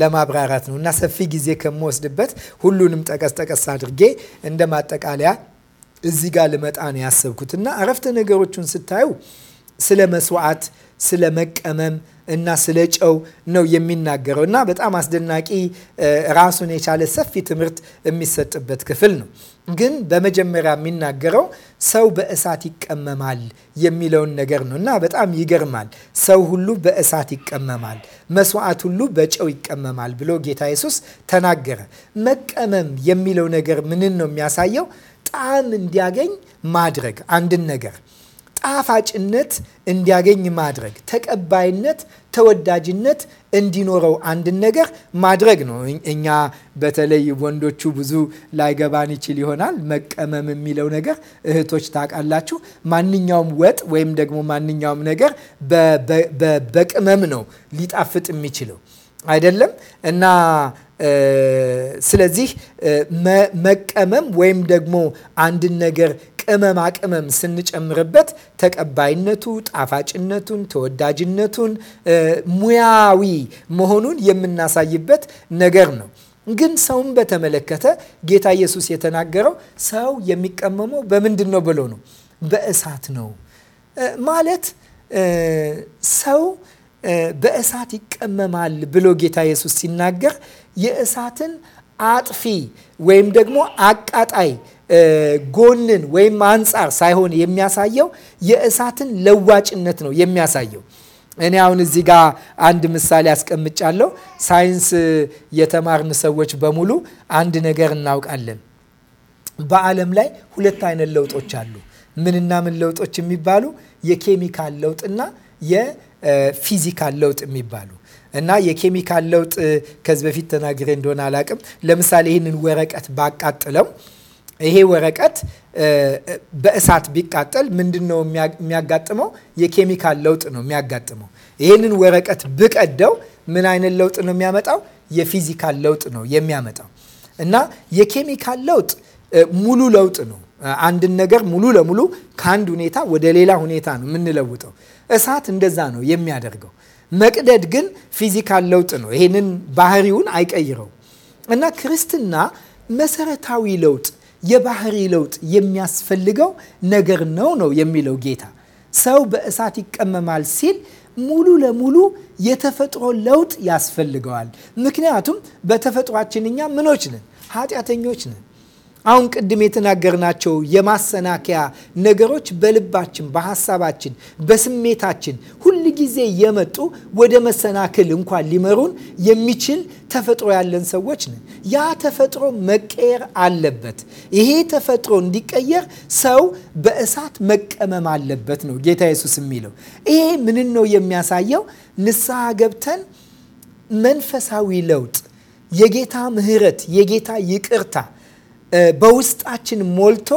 ለማብራራት ነው እና ሰፊ ጊዜ ከምወስድበት ሁሉንም ጠቀስ ጠቀስ አድርጌ እንደ ማጠቃለያ እዚህ ጋር ልመጣ ነው ያሰብኩት እና አረፍተ ነገሮቹን ስታዩ ስለ መስዋዕት፣ ስለ መቀመም እና ስለ ጨው ነው የሚናገረው እና በጣም አስደናቂ ራሱን የቻለ ሰፊ ትምህርት የሚሰጥበት ክፍል ነው። ግን በመጀመሪያ የሚናገረው ሰው በእሳት ይቀመማል የሚለውን ነገር ነው እና በጣም ይገርማል። ሰው ሁሉ በእሳት ይቀመማል፣ መስዋዕት ሁሉ በጨው ይቀመማል ብሎ ጌታ ኢየሱስ ተናገረ። መቀመም የሚለው ነገር ምንን ነው የሚያሳየው? ጣዕም እንዲያገኝ ማድረግ አንድን ነገር ጣፋጭነት እንዲያገኝ ማድረግ ተቀባይነት፣ ተወዳጅነት እንዲኖረው አንድን ነገር ማድረግ ነው። እኛ በተለይ ወንዶቹ ብዙ ላይገባን ይችል ይሆናል። መቀመም የሚለው ነገር እህቶች ታውቃላችሁ፣ ማንኛውም ወጥ ወይም ደግሞ ማንኛውም ነገር በቅመም ነው ሊጣፍጥ የሚችለው አይደለም እና ስለዚህ መቀመም ወይም ደግሞ አንድን ነገር ቅመማ ቅመም ስንጨምርበት ተቀባይነቱ፣ ጣፋጭነቱን፣ ተወዳጅነቱን ሙያዊ መሆኑን የምናሳይበት ነገር ነው። ግን ሰውን በተመለከተ ጌታ ኢየሱስ የተናገረው ሰው የሚቀመመው በምንድን ነው ብሎ ነው። በእሳት ነው ማለት ሰው በእሳት ይቀመማል ብሎ ጌታ ኢየሱስ ሲናገር የእሳትን አጥፊ ወይም ደግሞ አቃጣይ ጎንን ወይም አንጻር ሳይሆን የሚያሳየው የእሳትን ለዋጭነት ነው የሚያሳየው። እኔ አሁን እዚህ ጋር አንድ ምሳሌ አስቀምጫለሁ። ሳይንስ የተማርን ሰዎች በሙሉ አንድ ነገር እናውቃለን። በዓለም ላይ ሁለት አይነት ለውጦች አሉ። ምንና ምን ለውጦች የሚባሉ የኬሚካል ለውጥና ፊዚካል ለውጥ የሚባሉ እና የኬሚካል ለውጥ ከዚህ በፊት ተናግሬ እንደሆነ አላቅም። ለምሳሌ ይህንን ወረቀት ባቃጥለው ይሄ ወረቀት በእሳት ቢቃጠል ምንድን ነው የሚያጋጥመው? የኬሚካል ለውጥ ነው የሚያጋጥመው። ይህንን ወረቀት ብቀደው ምን አይነት ለውጥ ነው የሚያመጣው? የፊዚካል ለውጥ ነው የሚያመጣው። እና የኬሚካል ለውጥ ሙሉ ለውጥ ነው አንድን ነገር ሙሉ ለሙሉ ከአንድ ሁኔታ ወደ ሌላ ሁኔታ ነው የምንለውጠው። እሳት እንደዛ ነው የሚያደርገው። መቅደድ ግን ፊዚካል ለውጥ ነው። ይሄንን ባህሪውን አይቀይረው እና ክርስትና መሰረታዊ ለውጥ፣ የባህሪ ለውጥ የሚያስፈልገው ነገር ነው ነው የሚለው ጌታ። ሰው በእሳት ይቀመማል ሲል ሙሉ ለሙሉ የተፈጥሮ ለውጥ ያስፈልገዋል። ምክንያቱም በተፈጥሯችን እኛ ምኖች ነን፣ ኃጢአተኞች ነን አሁን ቅድም የተናገርናቸው የማሰናከያ ነገሮች በልባችን፣ በሀሳባችን፣ በስሜታችን ሁል ጊዜ የመጡ ወደ መሰናክል እንኳን ሊመሩን የሚችል ተፈጥሮ ያለን ሰዎች ነን። ያ ተፈጥሮ መቀየር አለበት። ይሄ ተፈጥሮ እንዲቀየር ሰው በእሳት መቀመም አለበት ነው ጌታ የሱስ የሚለው። ይሄ ምን ነው የሚያሳየው? ንስሐ ገብተን መንፈሳዊ ለውጥ፣ የጌታ ምሕረት፣ የጌታ ይቅርታ በውስጣችን ሞልቶ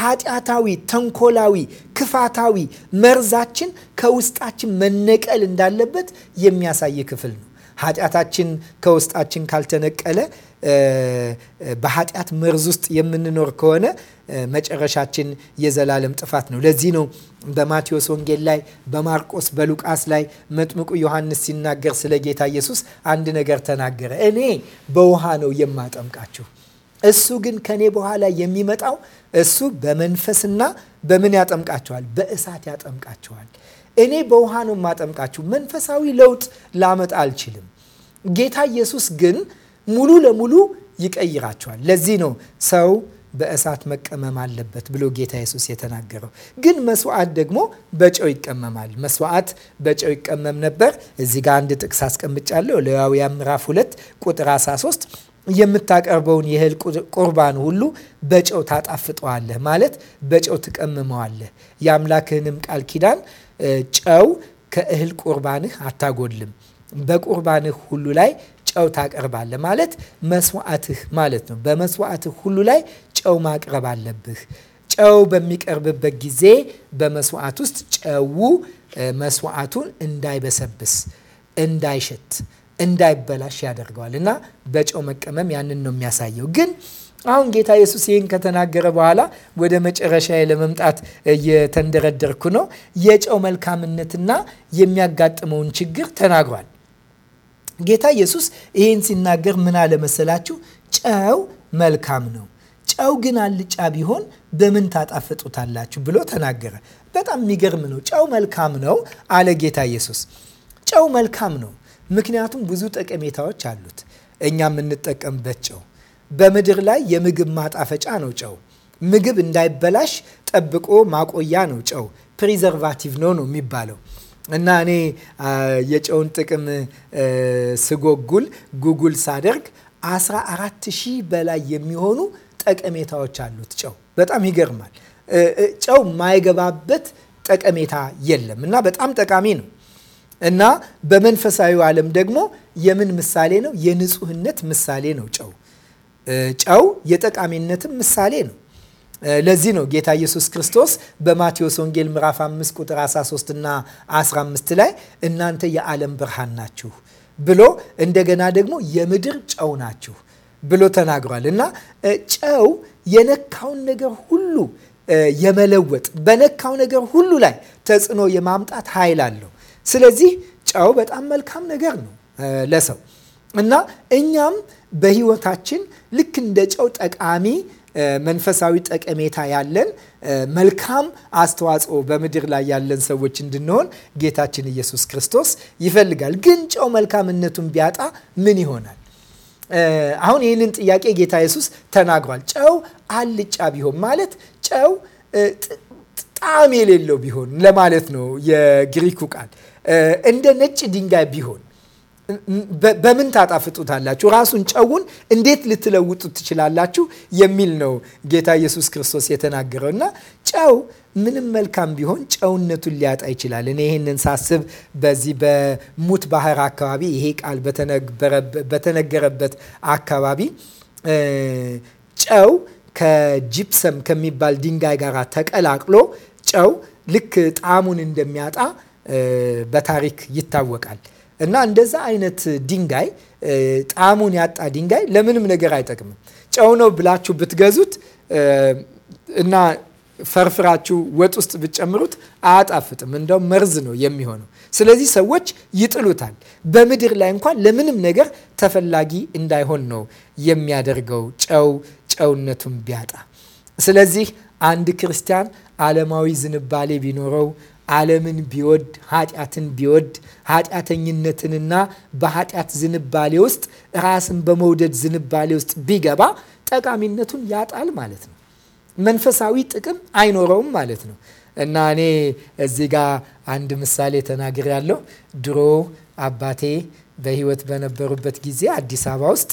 ኃጢአታዊ፣ ተንኮላዊ፣ ክፋታዊ መርዛችን ከውስጣችን መነቀል እንዳለበት የሚያሳይ ክፍል ነው። ኃጢአታችን ከውስጣችን ካልተነቀለ በኃጢአት መርዝ ውስጥ የምንኖር ከሆነ መጨረሻችን የዘላለም ጥፋት ነው። ለዚህ ነው በማቴዎስ ወንጌል ላይ፣ በማርቆስ በሉቃስ ላይ መጥምቁ ዮሐንስ ሲናገር ስለ ጌታ ኢየሱስ አንድ ነገር ተናገረ። እኔ በውሃ ነው የማጠምቃችሁ እሱ ግን ከኔ በኋላ የሚመጣው እሱ በመንፈስና በምን ያጠምቃቸዋል? በእሳት ያጠምቃቸዋል። እኔ በውሃ ነው የማጠምቃችሁ። መንፈሳዊ ለውጥ ላመጣ አልችልም። ጌታ ኢየሱስ ግን ሙሉ ለሙሉ ይቀይራቸዋል። ለዚህ ነው ሰው በእሳት መቀመም አለበት ብሎ ጌታ ኢየሱስ የተናገረው። ግን መስዋዕት ደግሞ በጨው ይቀመማል። መስዋዕት በጨው ይቀመም ነበር። እዚህ ጋር አንድ ጥቅስ አስቀምጫለሁ። ሌዋውያን ምዕራፍ 2 ቁጥር 13 የምታቀርበውን የእህል ቁርባን ሁሉ በጨው ታጣፍጠዋለህ፣ ማለት በጨው ትቀምመዋለህ። የአምላክህንም ቃል ኪዳን ጨው ከእህል ቁርባንህ አታጎድልም። በቁርባንህ ሁሉ ላይ ጨው ታቀርባለህ፣ ማለት መስዋዕትህ ማለት ነው። በመስዋዕትህ ሁሉ ላይ ጨው ማቅረብ አለብህ። ጨው በሚቀርብበት ጊዜ በመስዋዕት ውስጥ ጨው መስዋዕቱን እንዳይበሰብስ እንዳይሸት እንዳይበላሽ ያደርገዋል እና በጨው መቀመም ያንን ነው የሚያሳየው ግን አሁን ጌታ ኢየሱስ ይህን ከተናገረ በኋላ ወደ መጨረሻ ለመምጣት እየተንደረደርኩ ነው። የጨው መልካምነትና የሚያጋጥመውን ችግር ተናግሯል። ጌታ ኢየሱስ ይህን ሲናገር ምን አለመሰላችሁ ጨው መልካም ነው፣ ጨው ግን አልጫ ቢሆን በምን ታጣፍጡታላችሁ ብሎ ተናገረ። በጣም የሚገርም ነው። ጨው መልካም ነው አለ ጌታ ኢየሱስ። ጨው መልካም ነው ምክንያቱም ብዙ ጠቀሜታዎች አሉት። እኛ የምንጠቀምበት ጨው በምድር ላይ የምግብ ማጣፈጫ ነው። ጨው ምግብ እንዳይበላሽ ጠብቆ ማቆያ ነው። ጨው ፕሪዘርቫቲቭ ነው ነው የሚባለው እና እኔ የጨውን ጥቅም ስጎጉል ጉጉል ሳደርግ 14 ሺህ በላይ የሚሆኑ ጠቀሜታዎች አሉት ጨው። በጣም ይገርማል። ጨው የማይገባበት ጠቀሜታ የለም እና በጣም ጠቃሚ ነው። እና በመንፈሳዊ ዓለም ደግሞ የምን ምሳሌ ነው? የንጹህነት ምሳሌ ነው። ጨው ጨው የጠቃሚነትም ምሳሌ ነው። ለዚህ ነው ጌታ ኢየሱስ ክርስቶስ በማቴዎስ ወንጌል ምዕራፍ 5 ቁጥር 13 እና 15 ላይ እናንተ የዓለም ብርሃን ናችሁ ብሎ እንደገና ደግሞ የምድር ጨው ናችሁ ብሎ ተናግሯል። እና ጨው የነካውን ነገር ሁሉ የመለወጥ በነካው ነገር ሁሉ ላይ ተጽዕኖ የማምጣት ኃይል አለው። ስለዚህ ጨው በጣም መልካም ነገር ነው ለሰው እና እኛም በህይወታችን ልክ እንደ ጨው ጠቃሚ መንፈሳዊ ጠቀሜታ ያለን መልካም አስተዋጽኦ በምድር ላይ ያለን ሰዎች እንድንሆን ጌታችን ኢየሱስ ክርስቶስ ይፈልጋል። ግን ጨው መልካምነቱን ቢያጣ ምን ይሆናል? አሁን ይህንን ጥያቄ ጌታ ኢየሱስ ተናግሯል። ጨው አልጫ ቢሆን ማለት ጨው ጣዕም የሌለው ቢሆን ለማለት ነው የግሪኩ ቃል እንደ ነጭ ድንጋይ ቢሆን በምን ታጣፍጡታላችሁ? ራሱን ጨውን እንዴት ልትለውጡት ትችላላችሁ? የሚል ነው ጌታ ኢየሱስ ክርስቶስ የተናገረው እና ጨው ምንም መልካም ቢሆን ጨውነቱን ሊያጣ ይችላል። እኔ ይህንን ሳስብ በዚህ በሙት ባህር አካባቢ ይሄ ቃል በተነገረበት አካባቢ ጨው ከጂፕሰም ከሚባል ድንጋይ ጋር ተቀላቅሎ ጨው ልክ ጣዕሙን እንደሚያጣ በታሪክ ይታወቃል። እና እንደዛ አይነት ድንጋይ ጣዕሙን ያጣ ድንጋይ ለምንም ነገር አይጠቅምም። ጨው ነው ብላችሁ ብትገዙት እና ፈርፍራችሁ ወጥ ውስጥ ብትጨምሩት አያጣፍጥም፣ እንደውም መርዝ ነው የሚሆነው። ስለዚህ ሰዎች ይጥሉታል። በምድር ላይ እንኳን ለምንም ነገር ተፈላጊ እንዳይሆን ነው የሚያደርገው ጨው ጨውነቱን ቢያጣ። ስለዚህ አንድ ክርስቲያን ዓለማዊ ዝንባሌ ቢኖረው ዓለምን ቢወድ ኃጢአትን ቢወድ ኃጢአተኝነትንና በኃጢአት ዝንባሌ ውስጥ ራስን በመውደድ ዝንባሌ ውስጥ ቢገባ ጠቃሚነቱን ያጣል ማለት ነው። መንፈሳዊ ጥቅም አይኖረውም ማለት ነው። እና እኔ እዚህ ጋር አንድ ምሳሌ ተናግር ያለው ድሮ አባቴ በህይወት በነበሩበት ጊዜ አዲስ አበባ ውስጥ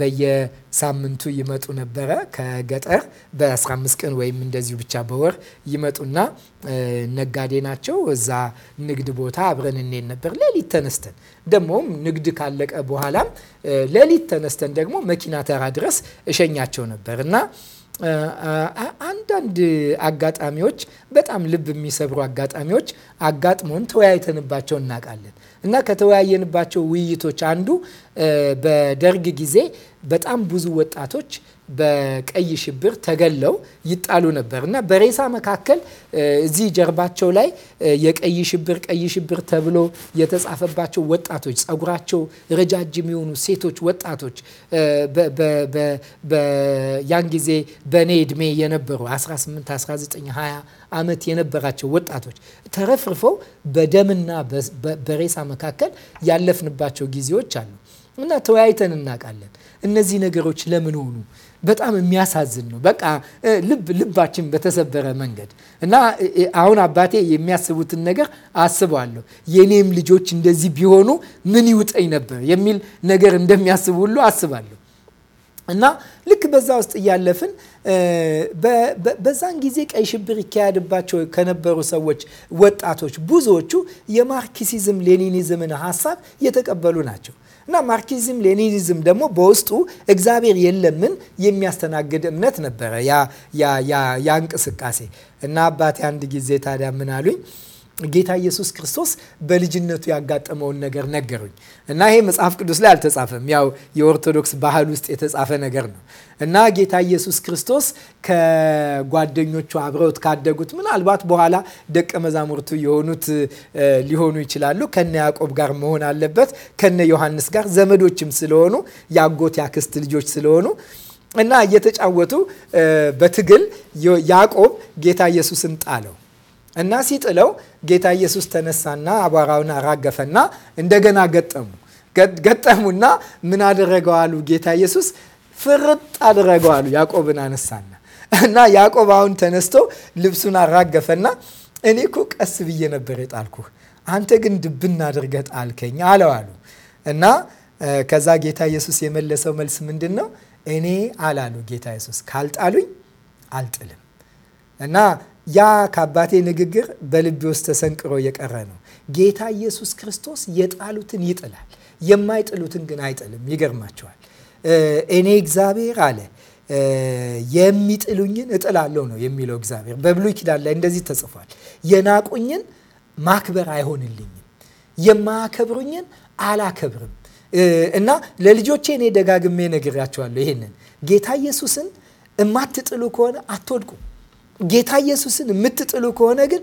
በየሳምንቱ ይመጡ ነበረ ከገጠር በ15 ቀን ወይም እንደዚሁ ብቻ በወር ይመጡና ነጋዴ ናቸው። እዛ ንግድ ቦታ አብረን እንሄድ ነበር ሌሊት ተነስተን ደግሞም ንግድ ካለቀ በኋላም ሌሊት ተነስተን ደግሞ መኪና ተራ ድረስ እሸኛቸው ነበር እና አንዳንድ አጋጣሚዎች በጣም ልብ የሚሰብሩ አጋጣሚዎች አጋጥሞን ተወያይተንባቸው እናውቃለን። እና ከተወያየንባቸው ውይይቶች አንዱ በደርግ ጊዜ በጣም ብዙ ወጣቶች በቀይ ሽብር ተገለው ይጣሉ ነበር እና በሬሳ መካከል እዚህ ጀርባቸው ላይ የቀይ ሽብር ቀይ ሽብር ተብሎ የተጻፈባቸው ወጣቶች ጸጉራቸው ረጃጅም የሆኑ ሴቶች ወጣቶች ያን ጊዜ በእኔ እድሜ የነበሩ 18፣ 19፣ 20 ዓመት የነበራቸው ወጣቶች ተረፍርፈው በደምና በሬሳ መካከል ያለፍንባቸው ጊዜዎች አሉ እና ተወያይተን እናውቃለን። እነዚህ ነገሮች ለምን ሆኑ? በጣም የሚያሳዝን ነው። በቃ ልብ ልባችን በተሰበረ መንገድ እና አሁን አባቴ የሚያስቡትን ነገር አስበዋለሁ። የኔም ልጆች እንደዚህ ቢሆኑ ምን ይውጠኝ ነበር የሚል ነገር እንደሚያስቡ ሁሉ አስባለሁ። እና ልክ በዛ ውስጥ እያለፍን በዛን ጊዜ ቀይ ሽብር ይካሄድባቸው ከነበሩ ሰዎች ወጣቶች ብዙዎቹ የማርክሲዝም ሌኒኒዝምን ሀሳብ የተቀበሉ ናቸው። እና ማርኪዝም ሌኒኒዝም ደግሞ በውስጡ እግዚአብሔር የለምን የሚያስተናግድ እምነት ነበረ ያ እንቅስቃሴ እና አባቴ አንድ ጊዜ ታዲያ ምን አሉኝ ጌታ ኢየሱስ ክርስቶስ በልጅነቱ ያጋጠመውን ነገር ነገሩኝ እና ይሄ መጽሐፍ ቅዱስ ላይ አልተጻፈም። ያው የኦርቶዶክስ ባህል ውስጥ የተጻፈ ነገር ነው እና ጌታ ኢየሱስ ክርስቶስ ከጓደኞቹ አብረውት ካደጉት ምናልባት በኋላ ደቀ መዛሙርቱ የሆኑት ሊሆኑ ይችላሉ። ከነ ያዕቆብ ጋር መሆን አለበት ከነ ዮሐንስ ጋር ዘመዶችም ስለሆኑ ያጎት ያክስት ልጆች ስለሆኑ እና እየተጫወቱ በትግል ያዕቆብ ጌታ ኢየሱስን ጣለው እና ሲጥለው ጌታ ኢየሱስ ተነሳና አቧራውን አራገፈና እንደገና ገጠሙ። ገጠሙና ምን አደረገው አሉ ጌታ ኢየሱስ ፍርጥ አደረገው አሉ። ያዕቆብን አነሳና እና ያዕቆብ አሁን ተነስቶ ልብሱን አራገፈና እኔ እኮ ቀስ ብዬ ነበር የጣልኩህ፣ አንተ ግን ድብና አድርገህ ጣልከኝ አለው አሉ እና ከዛ ጌታ ኢየሱስ የመለሰው መልስ ምንድን ነው? እኔ አላሉ ጌታ ኢየሱስ ካልጣሉኝ አልጥልም እና ያ ከአባቴ ንግግር በልቤ ውስጥ ተሰንቅሮ የቀረ ነው። ጌታ ኢየሱስ ክርስቶስ የጣሉትን ይጥላል፣ የማይጥሉትን ግን አይጥልም። ይገርማቸዋል። እኔ እግዚአብሔር አለ የሚጥሉኝን እጥላለሁ ነው የሚለው እግዚአብሔር። በብሉይ ኪዳን ላይ እንደዚህ ተጽፏል። የናቁኝን ማክበር አይሆንልኝም፣ የማያከብሩኝን አላከብርም። እና ለልጆቼ እኔ ደጋግሜ ነግሬያቸዋለሁ ይሄንን ጌታ ኢየሱስን እማትጥሉ ከሆነ አትወድቁም። ጌታ ኢየሱስን የምትጥሉ ከሆነ ግን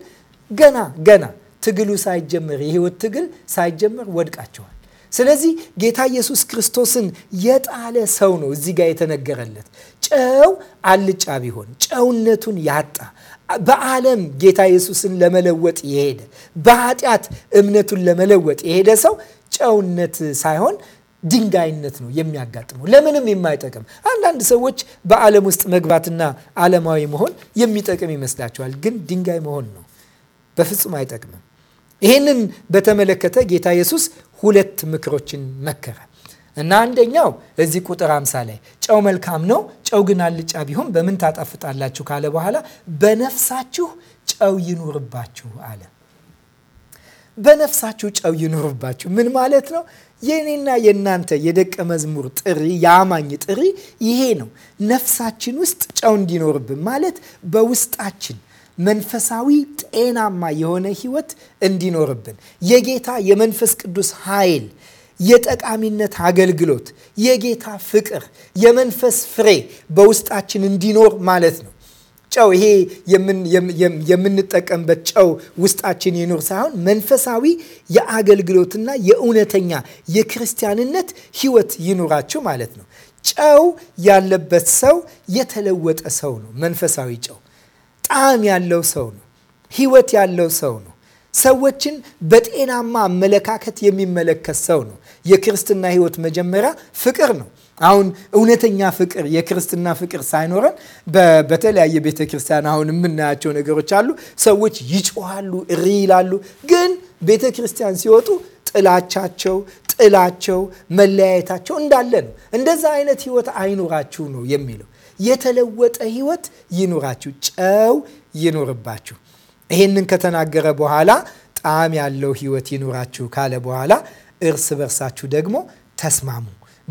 ገና ገና ትግሉ ሳይጀምር የህይወት ትግል ሳይጀምር ወድቃቸዋል ስለዚህ ጌታ ኢየሱስ ክርስቶስን የጣለ ሰው ነው እዚህ ጋር የተነገረለት። ጨው አልጫ ቢሆን ጨውነቱን ያጣ በዓለም ጌታ ኢየሱስን ለመለወጥ የሄደ በኃጢአት እምነቱን ለመለወጥ የሄደ ሰው ጨውነት ሳይሆን ድንጋይነት ነው የሚያጋጥመው። ለምንም የማይጠቅም አንዳንድ ሰዎች በዓለም ውስጥ መግባትና ዓለማዊ መሆን የሚጠቅም ይመስላቸዋል፣ ግን ድንጋይ መሆን ነው። በፍጹም አይጠቅምም። ይህንን በተመለከተ ጌታ ኢየሱስ ሁለት ምክሮችን መከረ እና አንደኛው እዚህ ቁጥር አምሳ ላይ ጨው መልካም ነው፣ ጨው ግን አልጫ ቢሆን በምን ታጣፍጣላችሁ ካለ በኋላ በነፍሳችሁ ጨው ይኑርባችሁ አለ። በነፍሳችሁ ጨው ይኖርባችሁ። ምን ማለት ነው? የእኔና የእናንተ የደቀ መዝሙር ጥሪ፣ የአማኝ ጥሪ ይሄ ነው። ነፍሳችን ውስጥ ጨው እንዲኖርብን ማለት በውስጣችን መንፈሳዊ ጤናማ የሆነ ህይወት እንዲኖርብን የጌታ የመንፈስ ቅዱስ ኃይል፣ የጠቃሚነት አገልግሎት፣ የጌታ ፍቅር፣ የመንፈስ ፍሬ በውስጣችን እንዲኖር ማለት ነው። ጨው ይሄ የምንጠቀምበት ጨው ውስጣችን ይኑር ሳይሆን መንፈሳዊ የአገልግሎትና የእውነተኛ የክርስቲያንነት ህይወት ይኑራችሁ ማለት ነው። ጨው ያለበት ሰው የተለወጠ ሰው ነው። መንፈሳዊ ጨው ጣዕም ያለው ሰው ነው። ህይወት ያለው ሰው ነው። ሰዎችን በጤናማ አመለካከት የሚመለከት ሰው ነው። የክርስትና ህይወት መጀመሪያ ፍቅር ነው። አሁን እውነተኛ ፍቅር የክርስትና ፍቅር ሳይኖረን በተለያየ ቤተ ክርስቲያን አሁን የምናያቸው ነገሮች አሉ። ሰዎች ይጮሃሉ፣ እሪ ይላሉ። ግን ቤተ ክርስቲያን ሲወጡ ጥላቻቸው ጥላቸው መለያየታቸው እንዳለ ነው። እንደዛ አይነት ህይወት አይኖራችሁ ነው የሚለው። የተለወጠ ህይወት ይኖራችሁ፣ ጨው ይኖርባችሁ። ይሄንን ከተናገረ በኋላ ጣዕም ያለው ህይወት ይኖራችሁ ካለ በኋላ እርስ በርሳችሁ ደግሞ ተስማሙ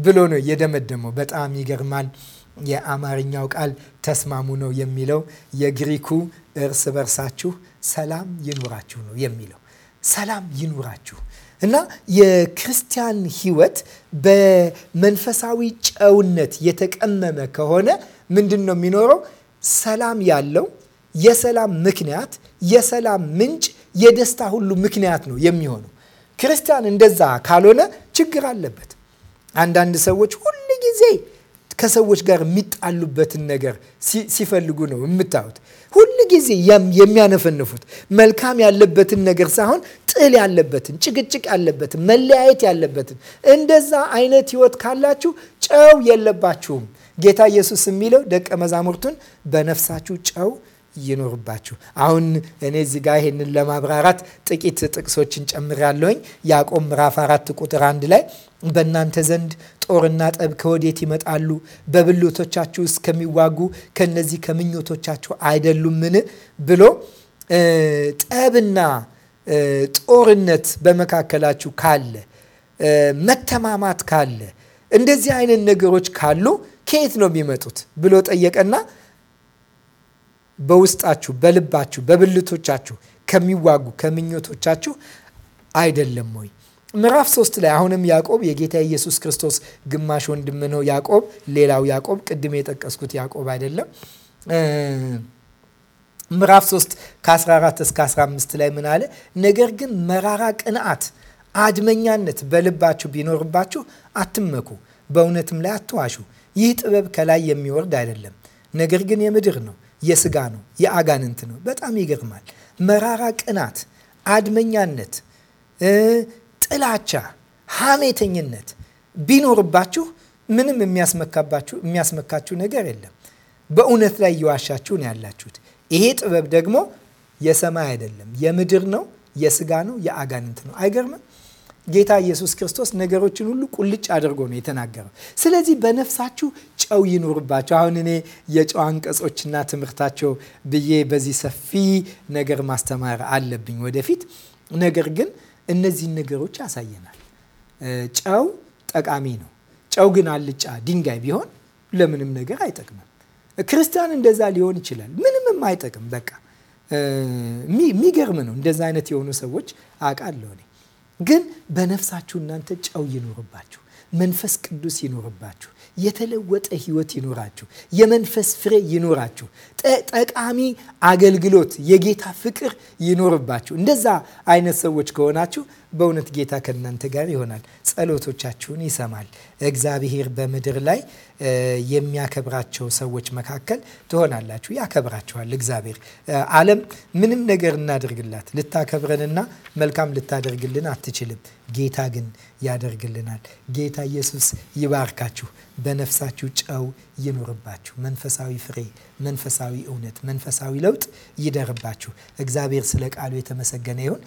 ብሎ ነው የደመደመው። በጣም ይገርማል። የአማርኛው ቃል ተስማሙ ነው የሚለው። የግሪኩ እርስ በርሳችሁ ሰላም ይኑራችሁ ነው የሚለው። ሰላም ይኑራችሁ እና የክርስቲያን ሕይወት በመንፈሳዊ ጨውነት የተቀመመ ከሆነ ምንድን ነው የሚኖረው? ሰላም ያለው የሰላም ምክንያት፣ የሰላም ምንጭ፣ የደስታ ሁሉ ምክንያት ነው የሚሆነው። ክርስቲያን እንደዛ ካልሆነ ችግር አለበት። አንዳንድ ሰዎች ሁል ጊዜ ከሰዎች ጋር የሚጣሉበትን ነገር ሲፈልጉ ነው የምታዩት። ሁል ጊዜ የሚያነፈንፉት መልካም ያለበትን ነገር ሳይሆን ጥል ያለበትን፣ ጭቅጭቅ ያለበትን፣ መለያየት ያለበትን። እንደዛ አይነት ህይወት ካላችሁ ጨው የለባችሁም። ጌታ ኢየሱስ የሚለው ደቀ መዛሙርቱን በነፍሳችሁ ጨው ይኑርባችሁ። አሁን እኔ እዚህ ጋር ይሄንን ለማብራራት ጥቂት ጥቅሶችን ጨምሬያለሁኝ። ያዕቆብ ምዕራፍ አራት ቁጥር አንድ ላይ በእናንተ ዘንድ ጦርና ጠብ ከወዴት ይመጣሉ? በብልቶቻችሁ እስከሚዋጉ ከነዚህ ከምኞቶቻችሁ አይደሉምን? ብሎ ጠብና ጦርነት በመካከላችሁ ካለ፣ መተማማት ካለ፣ እንደዚህ አይነት ነገሮች ካሉ ከየት ነው የሚመጡት ብሎ ጠየቀና በውስጣችሁ በልባችሁ በብልቶቻችሁ ከሚዋጉ ከምኞቶቻችሁ አይደለም ወይ? ምዕራፍ ሶስት ላይ አሁንም ያዕቆብ የጌታ ኢየሱስ ክርስቶስ ግማሽ ወንድም ነው። ያዕቆብ ሌላው ያዕቆብ ቅድም የጠቀስኩት ያዕቆብ አይደለም። ምዕራፍ 3 ከ14 እስከ 15 ላይ ምን አለ? ነገር ግን መራራ ቅንዓት፣ አድመኛነት በልባችሁ ቢኖርባችሁ አትመኩ፣ በእውነትም ላይ አትዋሹ። ይህ ጥበብ ከላይ የሚወርድ አይደለም፣ ነገር ግን የምድር ነው የስጋ ነው፣ የአጋንንት ነው። በጣም ይገርማል። መራራ ቅናት፣ አድመኛነት፣ ጥላቻ፣ ሐሜተኝነት ቢኖርባችሁ ምንም የሚያስመካችሁ ነገር የለም። በእውነት ላይ እየዋሻችሁ ነው ያላችሁት። ይሄ ጥበብ ደግሞ የሰማይ አይደለም፣ የምድር ነው፣ የስጋ ነው፣ የአጋንንት ነው። አይገርምም? ጌታ ኢየሱስ ክርስቶስ ነገሮችን ሁሉ ቁልጭ አድርጎ ነው የተናገረው። ስለዚህ በነፍሳችሁ ጨው ይኑርባቸው። አሁን እኔ የጨው አንቀጾችና ትምህርታቸው ብዬ በዚህ ሰፊ ነገር ማስተማር አለብኝ ወደፊት። ነገር ግን እነዚህን ነገሮች ያሳየናል። ጨው ጠቃሚ ነው። ጨው ግን አልጫ ድንጋይ ቢሆን ለምንም ነገር አይጠቅምም። ክርስቲያን እንደዛ ሊሆን ይችላል። ምንምም አይጠቅም በቃ የሚገርም ነው። እንደዛ አይነት የሆኑ ሰዎች አውቃለሁ እኔ ግን በነፍሳችሁ እናንተ ጨው ይኖርባችሁ፣ መንፈስ ቅዱስ ይኖርባችሁ፣ የተለወጠ ህይወት ይኖራችሁ፣ የመንፈስ ፍሬ ይኖራችሁ፣ ጠቃሚ አገልግሎት፣ የጌታ ፍቅር ይኖርባችሁ። እንደዛ አይነት ሰዎች ከሆናችሁ በእውነት ጌታ ከእናንተ ጋር ይሆናል፣ ጸሎቶቻችሁን ይሰማል። እግዚአብሔር በምድር ላይ የሚያከብራቸው ሰዎች መካከል ትሆናላችሁ። ያከብራችኋል እግዚአብሔር። ዓለም ምንም ነገር እናደርግላት ልታከብረንና መልካም ልታደርግልን አትችልም። ጌታ ግን ያደርግልናል። ጌታ ኢየሱስ ይባርካችሁ። በነፍሳችሁ ጨው ይኖርባችሁ። መንፈሳዊ ፍሬ፣ መንፈሳዊ እውነት፣ መንፈሳዊ ለውጥ ይደርባችሁ። እግዚአብሔር ስለ ቃሉ የተመሰገነ ይሁን።